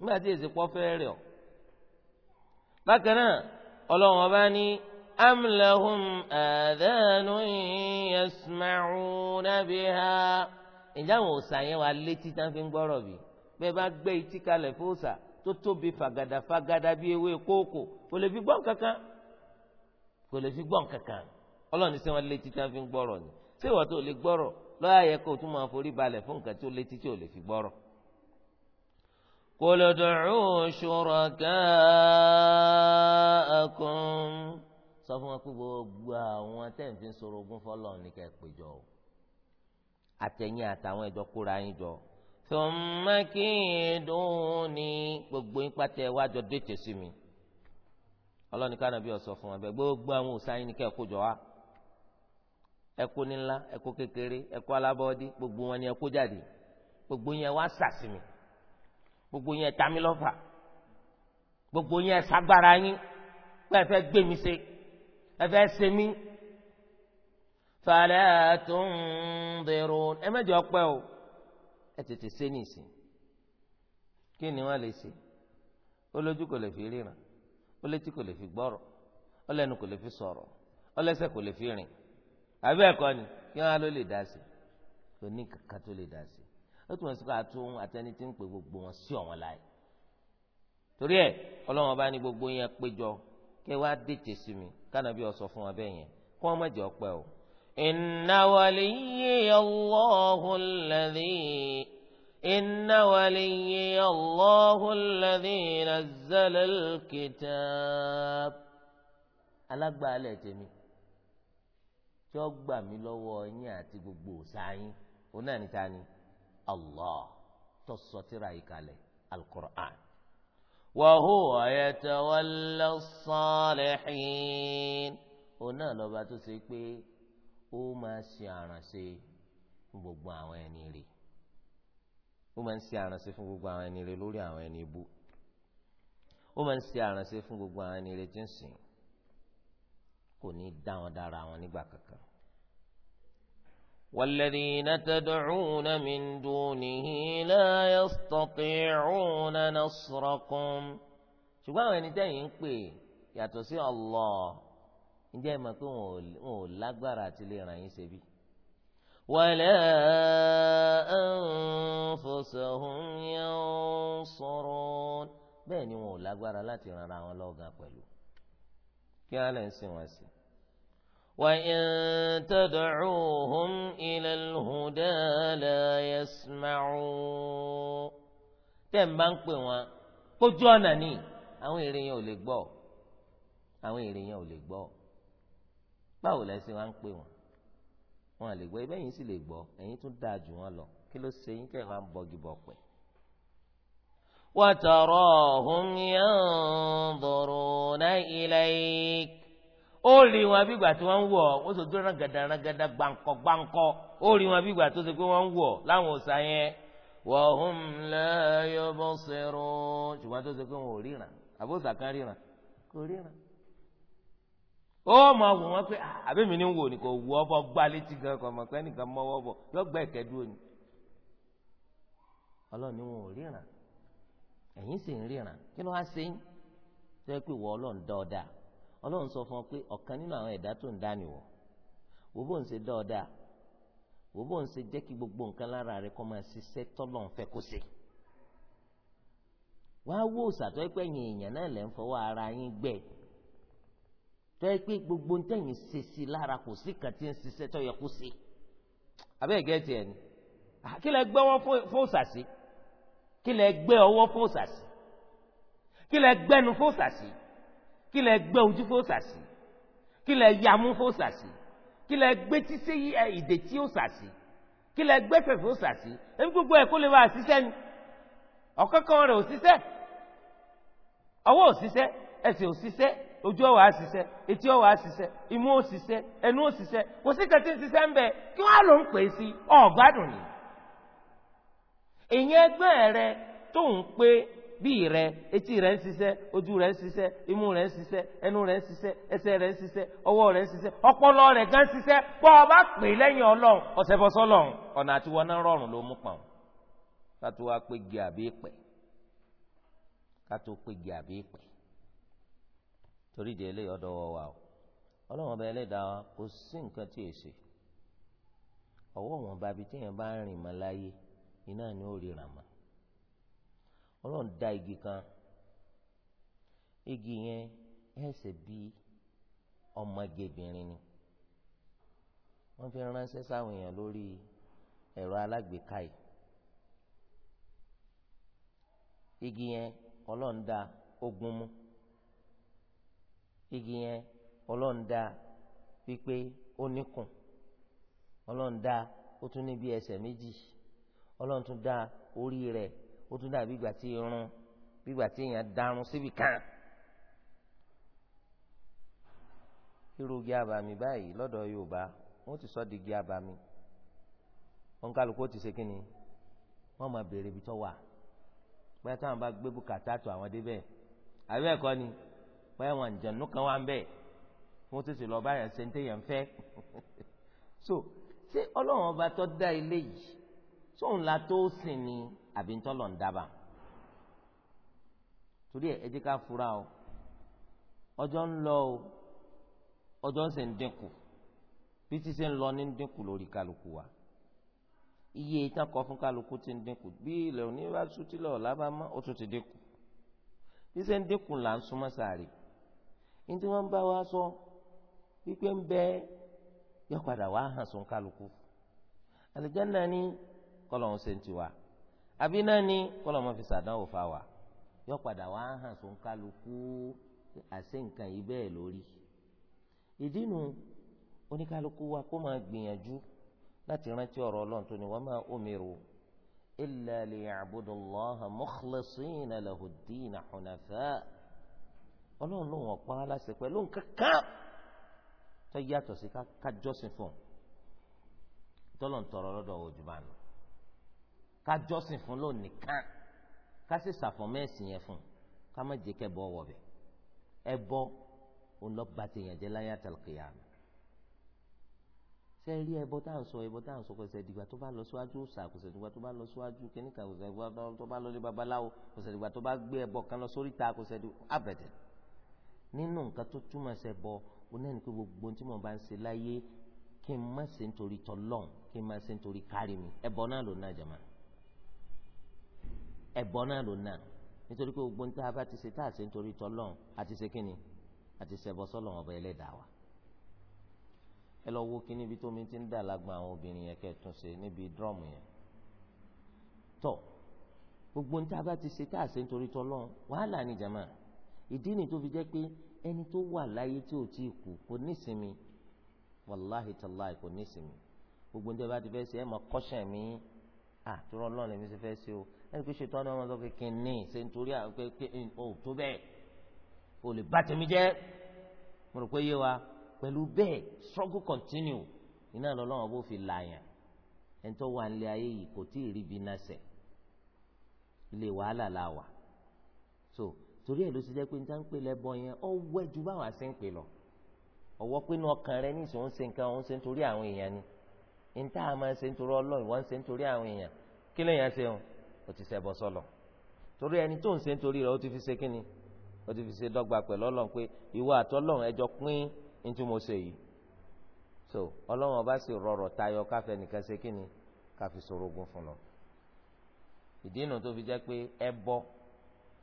nígbà tí èsì pọ́ fẹ́ rẹ̀ ọ́. bákan náà ọlọ́run ọba ní amlahum adanu yasma'una biha ìjà àwọn òòsà yẹn wà létí tá a fi ń gbọ́rọ̀ bí bẹ́ẹ̀ bá gbé etí kalẹ̀ fóòsà tó tóbi fàgàdà fàgàdà bíi ewé kóòkò kò lè fi gbọ́n kankan kò lè fi gbọ́n kankan ọlọ́run ní sẹ́wọ́n létí tá a fi ń gbọ́rọ̀ ni ṣé ìwà tó lè gbọ́rọ̀ lọ́yà yẹ kó o tún máa forí balẹ̀ fún nǹkan tó létí tí ò lè fi gbọ́rọ̀. قل ادعوا شركاءكم sọ fún wọn pé gbogbo àwọn tẹ̀sí sorogún fọlọ́ọ̀ ní kẹ́ ẹ péjọ o àtẹ̀yìn àtàwọn ìjọ kóra yín jọ thumma kiduni gbogbo yín pátá ẹ wájọ dètè sí mi ọlọ́ni ká nàbí ọ̀sọ̀ fún wọn bẹ́ẹ̀ gbogbo àwọn òsáyìn ní kẹ́ ẹ kójọ wá ẹkú nílá ẹkú kékeré ẹkú alábọ́ọ́dí gbogbo wọn ni ẹkú jáde gbogbo yẹn wá sàsìmì gbogbo yẹn ta mí lọ́fà gbogbo yẹn sagbára yín pé ẹ fẹ́ gbé mi ṣe ẹ fẹ́ ṣe mí fàlẹ́ àtúndìrò ẹ mẹ́jọ pẹ́ o ẹ tètè ṣe nìsín kí ni wọ́n lè ṣe olójú kò lè fi ríran olétí kò lè fi gbọ́rọ̀ ọlẹ́nu kò lè fi sọ̀rọ̀ ọlẹ́sẹ̀ kò lè fi rìn àbí ẹ̀kọ́ ni kí wọ́n á ló lè dá sí i kò ní kankan tó lè dá sí i ó túmọ̀ sí pé àtúhun àtẹni tí ń pè gbogbo wọn sí ọ̀wọ́n láì torí ẹ ọlọ́run ọba ní gbogbo yẹn péjọ kí ẹ wá sí mi kánàbí ọ sọ fún wọn bẹ́ẹ̀ yẹn kó wọn mọ̀jẹ̀ ọpẹ́ o. inna waliyya Allahu alladhi inna waliyya Allahu alladhi nazzala al-kitab. alágbàálẹ̀ tèmi tí ó gbà mí lọ́wọ́ yín àti gbogbo òòṣà yín òun náà níta ni. Tani الله tó sọ tírà yìí kalẹ̀ alukur'an. wàhùwà yatawalla salihin òun náà lọ́ba tó ṣe pé ó máa ṣe àrànṣe fún gbogbo àwọn ẹni rè ó máa ń ṣe àrànṣe fún gbogbo àwọn ẹni rè lórí àwọn ẹni bú ó máa ń ṣe àrànṣe fún gbogbo àwọn ẹni rè tí kò ní dá dára wọn nígbà kankan. والذين تدعون من دونه لا يستطيعون نصركم ṣùgbọ́n àwọn ẹni tẹ́yìn ń pè yàtọ̀ sí Allah ǹjẹ́ ẹ mọ̀ pé wọn ò lágbára àti lè ràn yín ṣebí. wala anfusahum yansurun bẹ́ẹ̀ ni wọn ò lágbára láti ràn ara wọn lọ́gàn pẹ̀lú kí á lè ń sìn wọn sí i. وإن تدعوهم إلى الهدى لا يسمعوا tẹ́ ń bá ń pè wọ́n kójú ọ̀nà ni àwọn èrè yẹn ò báwo lẹ ṣe wá ń pè wọ́n wọn lè gbọ́ ibẹ̀ yìí sì lè gbọ́ ẹ̀yin tún dáa jù wọ́n lọ kí ló ṣe yín kẹ́ ẹ̀ máa ń bọ́gi bọ̀ pẹ̀. وتراهم ينظرون إليك ó rí wọn bí tí wọ́n ń wọ̀ ó sì dúró rangada rangada gbàǹkọ gbàǹkọ ó rí wọn bí tó ṣe pé wọ́n ń láwọn òòsà yẹn wa hum la yubsirun ṣùgbọ́n tó ṣe pé wọn ò ríran kan ríran kò ríran ó máa pé àbí mi wò ni kò gbá létí gan ni ọlọ́ọ̀ni wọn ò ríran sì ń ríran kí ló wá ọlọ́run sọ fún ọ pé ọ̀kan nínú àwọn ẹ̀dá tó ń dá nìwọ̀ wò bó ń ṣe dọ́ọ̀dà wò bó ń ṣe jẹ́ kí gbogbo nǹkan lára rẹ kọ́ máa ṣiṣẹ́ tọ́lọ́run fẹ́ kó ṣe wàá wò sàtọ́ pé ẹ̀yìn èèyàn náà lẹ́ ń fọwọ́ ara yín gbẹ tọ́ pé gbogbo ń tẹ̀yìn ṣe sí lára kò sí kàn tí ń ṣiṣẹ́ tọ́ yẹ kó ṣe abẹ́ ẹ̀gẹ́ tiẹ̀ ni kí lẹ gbé ọwọ́ fún òṣàṣì kí lẹ gbé ọwọ́ fún òṣàṣì kí lẹ gbẹnu fún òṣàṣì kí lẹ gbẹ́ ojú fòòsà sí kí lẹ yamú fòòsà sí kí lẹ gbé títí ìdè tí ó sà sí kí lẹ gbé fẹ̀fẹ̀ ó sà sí ẹni gbogbo ẹ̀ kó lè bá àṣìṣe ni ọ̀kọ́kọ́ rẹ̀ òṣìṣẹ́ ọwọ́ òṣìṣẹ́ ẹsẹ̀ òṣìṣẹ́ ojú ọwọ́ àṣìṣẹ́ etí ọwọ́ àṣìṣẹ́ imú òṣìṣẹ́ ẹnu òṣìṣẹ́ kò sí kẹtí ṣiṣẹ́ ń bẹ kí wọ́n á ló ń pè é sí ọ̀gbádùn ni. èèyàn ẹgbẹ́ rẹ tó ń pé bí rẹ etí rẹ ń ṣiṣẹ́ ojú rẹ ń ṣiṣẹ́ imú rẹ ń ṣiṣẹ́ ẹnu rẹ ń ṣiṣẹ́ ẹsẹ̀ rẹ ń ṣiṣẹ́ ọwọ́ rẹ ń ṣiṣẹ́ ọpọlọ rẹ gan ń ṣiṣẹ́ bọ́ ọ bá pè lẹ́yìn ọlọ́run ọ̀sẹ̀ bọ́ sọ́lọ́run ọ̀nà àti wọn náà rọrùn ló mú pọ̀n kátó wá pé gé àbí pẹ̀ kátó pé gé àbí pẹ̀ torí ìdí eléyìí ọ̀dọ̀ wọ wa o ọlọ́run ọba ẹlẹ́dàá kò sí nǹkan tí èsì ọwọ́ wọn bá bi téèyàn bá ń rìn mọ́ láyé iná ni ó ríran mọ́ ọlọ́run dá igi kan igi yẹn ẹsẹ̀ bí ọmọgébìnrin ni wọ́n fi ránṣẹ́ sáwọn èèyàn lórí ẹ̀rọ alágbèéká yìí igi yẹn ọlọ́run dá ogun mú igi yẹn ọlọ́run dá pípé ó níkùn ọlọ́run dá ó tún ní bí ẹsẹ̀ méjì ọlọ́run tún dá orí rẹ̀ ó tún dàbí ìgbà tí irun bí ìgbà tí èèyàn darun síbi kan irúgi abàmì báyìí lọ́dọ̀ Yorùbá wọ́n ti sọ di igi abàmì wọn kálukú ó ti ṣe kínni wọ́n máa béèrè ibi tó wà bóyá táwọn bá gbé bùkátà tó àwọn débẹ̀ àbí ẹ̀kọ́ ni bóyá wọn àjànú kan wà ń bẹ̀ wọ́n tètè lọ báyà ṣe ń téèyàn fẹ́ so ṣé ọlọ́run ọba tó dá ilé yìí sóun la tó sìn ni àbí ntọ́lọ̀ ń dábàá torí ẹ ẹ jẹ́ ká fura o ọjọ́ ń lọ o ọjọ́ ń sì ń dínkù bí ti ṣe ń lọ ní ń dínkù lórí kálukú wa iye ìtàn kọ fún kálukú ti ń dínkù bí ilẹ̀ òní bá sútílẹ̀ ọ̀la bá mọ́ ó tún ti dínkù bí ṣe ń dínkù là ń súnmọ́ sàárè ní tí wọ́n ń bá wa sọ wípé ń bẹ yọ padà wá hàn sún kálukú àlùjánnà ni kọlọ̀ ń ṣe ń àbí náà ni kọ́lọ́ máa fi sàdánwò fa wa yọ padà wá hàn sún kálukú àṣẹ nǹkan yìí bẹ́ẹ̀ lórí ìdí nu oníkálukú wa kó máa gbìyànjú láti rántí ọ̀rọ̀ ọlọ́run tó ní wa ma umiru illa liya'budu Allaha mukhlisina lahu ddina hunafa ọlọ́run ló wọ̀n pa á láṣẹ pẹ̀lú nǹkankan tó yàtọ̀ sí kájọ́sìn fún un tọ́lọ̀ ń tọrọ lọ́dọ̀ òjùmọ̀ àná ká jọ́sìn fún ló nìkan ká sì ṣàfọ̀mọ́ ẹ̀sìn yẹn fún ká má jẹ́ kẹ́ bọ́ ọwọ́ bẹ̀ ẹ bọ́ ọlọ́ba ti yàn jẹ́ láyé àtàlùkìyà mi. ṣé rí ẹbọ tá à ń sọ ẹbọ tá à ń sọ kọsẹ̀ dìgbà tó bá lọ síwájú ṣà kọsẹ̀ dìgbà tó bá lọ síwájú kíníkà kọsẹ̀ dìgbà tó bá lọ sí babaláwo kọsẹ̀ dìgbà tó bá gbé ẹbọ kan lọ sórí ta kọsẹ̀ dìgbà abẹ̀tẹ̀ nínú nǹkan tó túmọ̀ ṣe bọ onáni pé gbogbo tí mo bá ń ṣe láyé kí n má ṣe nítorí tọlọ́n kí n má ṣe nítorí kárí mi ẹbọ náà ló ná jàmáà ẹbọ náà ló náà nítorí pé gbogbo níta bá ti ṣe tá a ṣe nítorí tọlọ́run àti ṣe kínni àti ṣẹbọ sọ́lọ́run ọba ẹlẹ́dàá wa ẹ lọ wo kíní ibi tómi ti ń dà lágbọn àwọn obìnrin yẹn kẹtùn ṣe níbi drọmù yẹn tọ gbogbo níta bá ti ṣe tá a ṣe nítorí tọlọ́run wàhálà ni jama. ìdí ni tó fi jẹ́ pé ẹni tó wà láyé tí ò tí ì kú kò nísinmi wàláhìtàláì kò nísinmi gbogbo níta bá ti fẹ́ ṣe ẹ máa kọ́ṣẹ́ mi àtúrọ̀ lọ́nà èmi ṣe fẹ́ ṣe o ẹni pé ṣètò ọ̀nà ọmọdé ọkọ̀ kìíní ṣe nítorí àwọn pé o tó bẹ́ẹ̀ o lè bá tèmi jẹ́ mo rò pé yé wa pẹ̀lú bẹ́ẹ̀ struggle continue iná lọ́lọ́wọ́ bó fi làyàn ẹni tó wà nílé ayé yìí kò tí ì rí bi náà sẹ̀ ilé wàhálà la wà so torí ẹ̀ ló ti jẹ́ pé níta ń pè lẹ́bọ yẹn ọ wẹ́ ju báwa ṣe ń pè lọ ọwọ́ pinnu ọkàn rẹ ní ìṣòwò ń ṣe nǹkan òun ṣe nítorí àwọn èèyàn ni níta a máa ń ṣe nítorí ọlọ́run wọ́n ń ṣe nítorí àwọn èèyàn kí lèèyàn ṣe hàn ó ti ṣẹbọ sọlọ torí ẹni tó ń ṣe nítorí rẹ ó ti fi ṣe kíni ó ti fi ṣe dọ́gba pẹ̀lú ọlọ́run pé ìwọ àtọ́lọ́run ẹjọ́ pín ní tí mo ṣe yìí so ọlọ́run ọba sì rọrọ̀ tayọ káfẹ́ nìkan ṣe kíni káfi sorogún fún lọ ìdí inú tó fi jẹ́ pé ẹbọ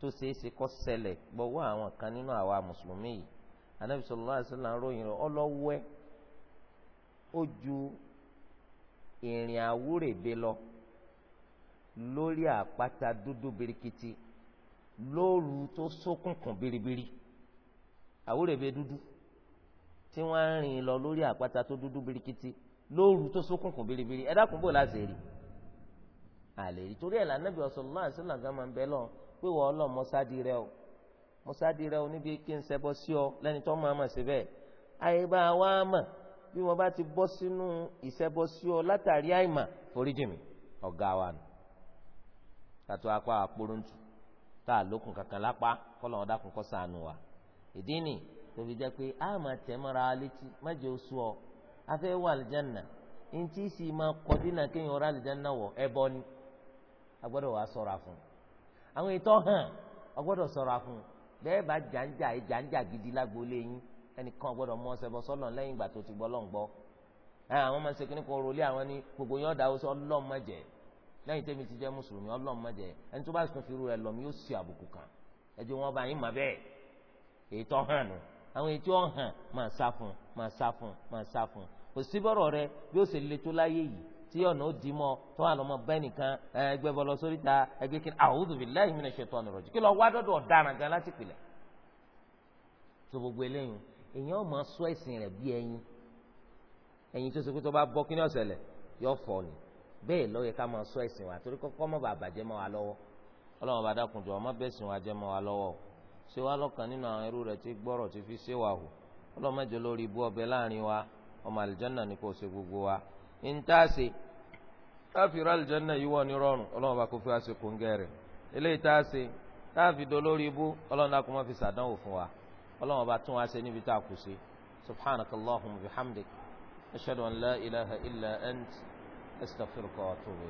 tó ṣeéṣe kó ṣẹlẹ̀ gbọ́wọ́ àwọn kan nínú àwa mùsùlùmí yìí anabi ìrìn àwúrèbe lọ lórí àpáta dúdú birikiti lóru tó ṣókùnkùn biribiri àwúrèbe dúdú tí wọ́n ń rìn lọ lórí àpáta tó dúdú birikiti lóru tó ṣókùnkùn biribiri ẹ dákun bò láti rí àlè rí torí ẹ̀ lànà bí ọ̀sọ̀lọ́ àti sọ̀làǹgá máa ń bẹ lọ pé wọ́n lọ mọ́sádìí rẹ o mọ́sádìí rẹ o níbi kí n ṣẹbọ sí ọ lẹ́ni tó máa mà síbẹ̀ àyè bá wa mà bí wọ́n bá ti bọ́ sínú ìṣẹ́bọ sí ọ látàrí àìmà foríjì mi ọ̀gá wa nù kàtó apá àpòròǹtù tá a lókun kankan lápá kọ́lọ̀ wọn dákun kọ́ sànù wa ìdí ni, tó fi jẹ́ pé a máa tẹ̀ mọ́ra létí mẹ́jẹ oṣù ọ afẹ́ wà àlìjáná ntí sì máa kọ́ dínà kéèyàn ọ̀rọ̀ àlìjáná wọ̀ ẹbọ ni Agbọ́dọ̀ wà wá sọ̀ra fún àwọn ìtọ́ hàn a gbọ́dọ̀ sọ̀ra fún bẹ́ẹ̀ bá jàǹjà ìjàǹjà gidi lágbo lẹ́yìn ẹnìkan gbọ́dọ̀ mú ọsẹ bọ sọlọ lẹ́yìn ìgbà tó ti gbọ́ lọhùn gbọ́ àwọn máa ń ṣe kíní kan rọlé àwọn ní gbogbo yẹn ọdà ọsọ Ọlọ́run má jẹ lẹ́yìn tẹmí ti jẹ mùsùlùmí Ọlọ́run má jẹ ẹni tó bá sùn fi ru rẹ lọmi yóò sì àbùkù kan ẹjọ wọn bá yín má bẹ́ẹ̀ èyí tó hàn nù àwọn èyí tó hàn máa sá fún máa sá fún máa sá fún kò sí bọ́rọ̀ rẹ bí ó sì le tó láyé yìí tí ọ̀nà ó dì mọ́ tó wà lọ́mọ bẹ́ẹ̀ nìkan ẹgbẹ́ bọ́ lọ sórí ta ẹgbẹ́ kí a'udhu billahi minash shaitani rajim kí lọ wá dọ́dọ̀ ọ̀daràn gan láti pìlẹ̀ tó gbogbo eléyìí èèyàn ọmọ sọ ẹ̀sìn rẹ̀ bí ẹyin ẹyin tó ṣe bá bọ́ kí ni ọ̀sẹ̀lẹ̀ yọ fọ ni bẹ́ẹ̀ ló yẹ ká máa sọ ẹ̀sìn wa torí kọ́kọ́ mọ́ bàbà jẹ́ mọ́ wa lọ́wọ́ ọlọ́run bá dákun jọ ọmọ bẹ́ẹ̀ sìn wa jẹ́ mọ́ wa lọ́wọ́ ṣé wàá lọ́kàn nínú àwọn irú rẹ̀ tí gbọ́rọ̀ ti fi ṣé wa hù ọlọ́run mẹ́jọ lórí ibú ọbẹ̀ láàrin wa ọmọ àlìjọ́nà ni kò ṣe gbogbo wa ń tá a ṣe káfíìrì àlìjọ́nà yìí wọ̀ ní rọrùn ọlọ́run bá fi wá ṣe eléyìí tá a ṣe táàfin dolórí ibú ọlọ́run dákun má fi ṣàdánwò fún wa ọlọ́wọ́n bá tún wá ṣe níbi tá a kù sí subhanakallahumma bihamdik ashhadu an la ilaha illa ant astaghfiruka wa atubu.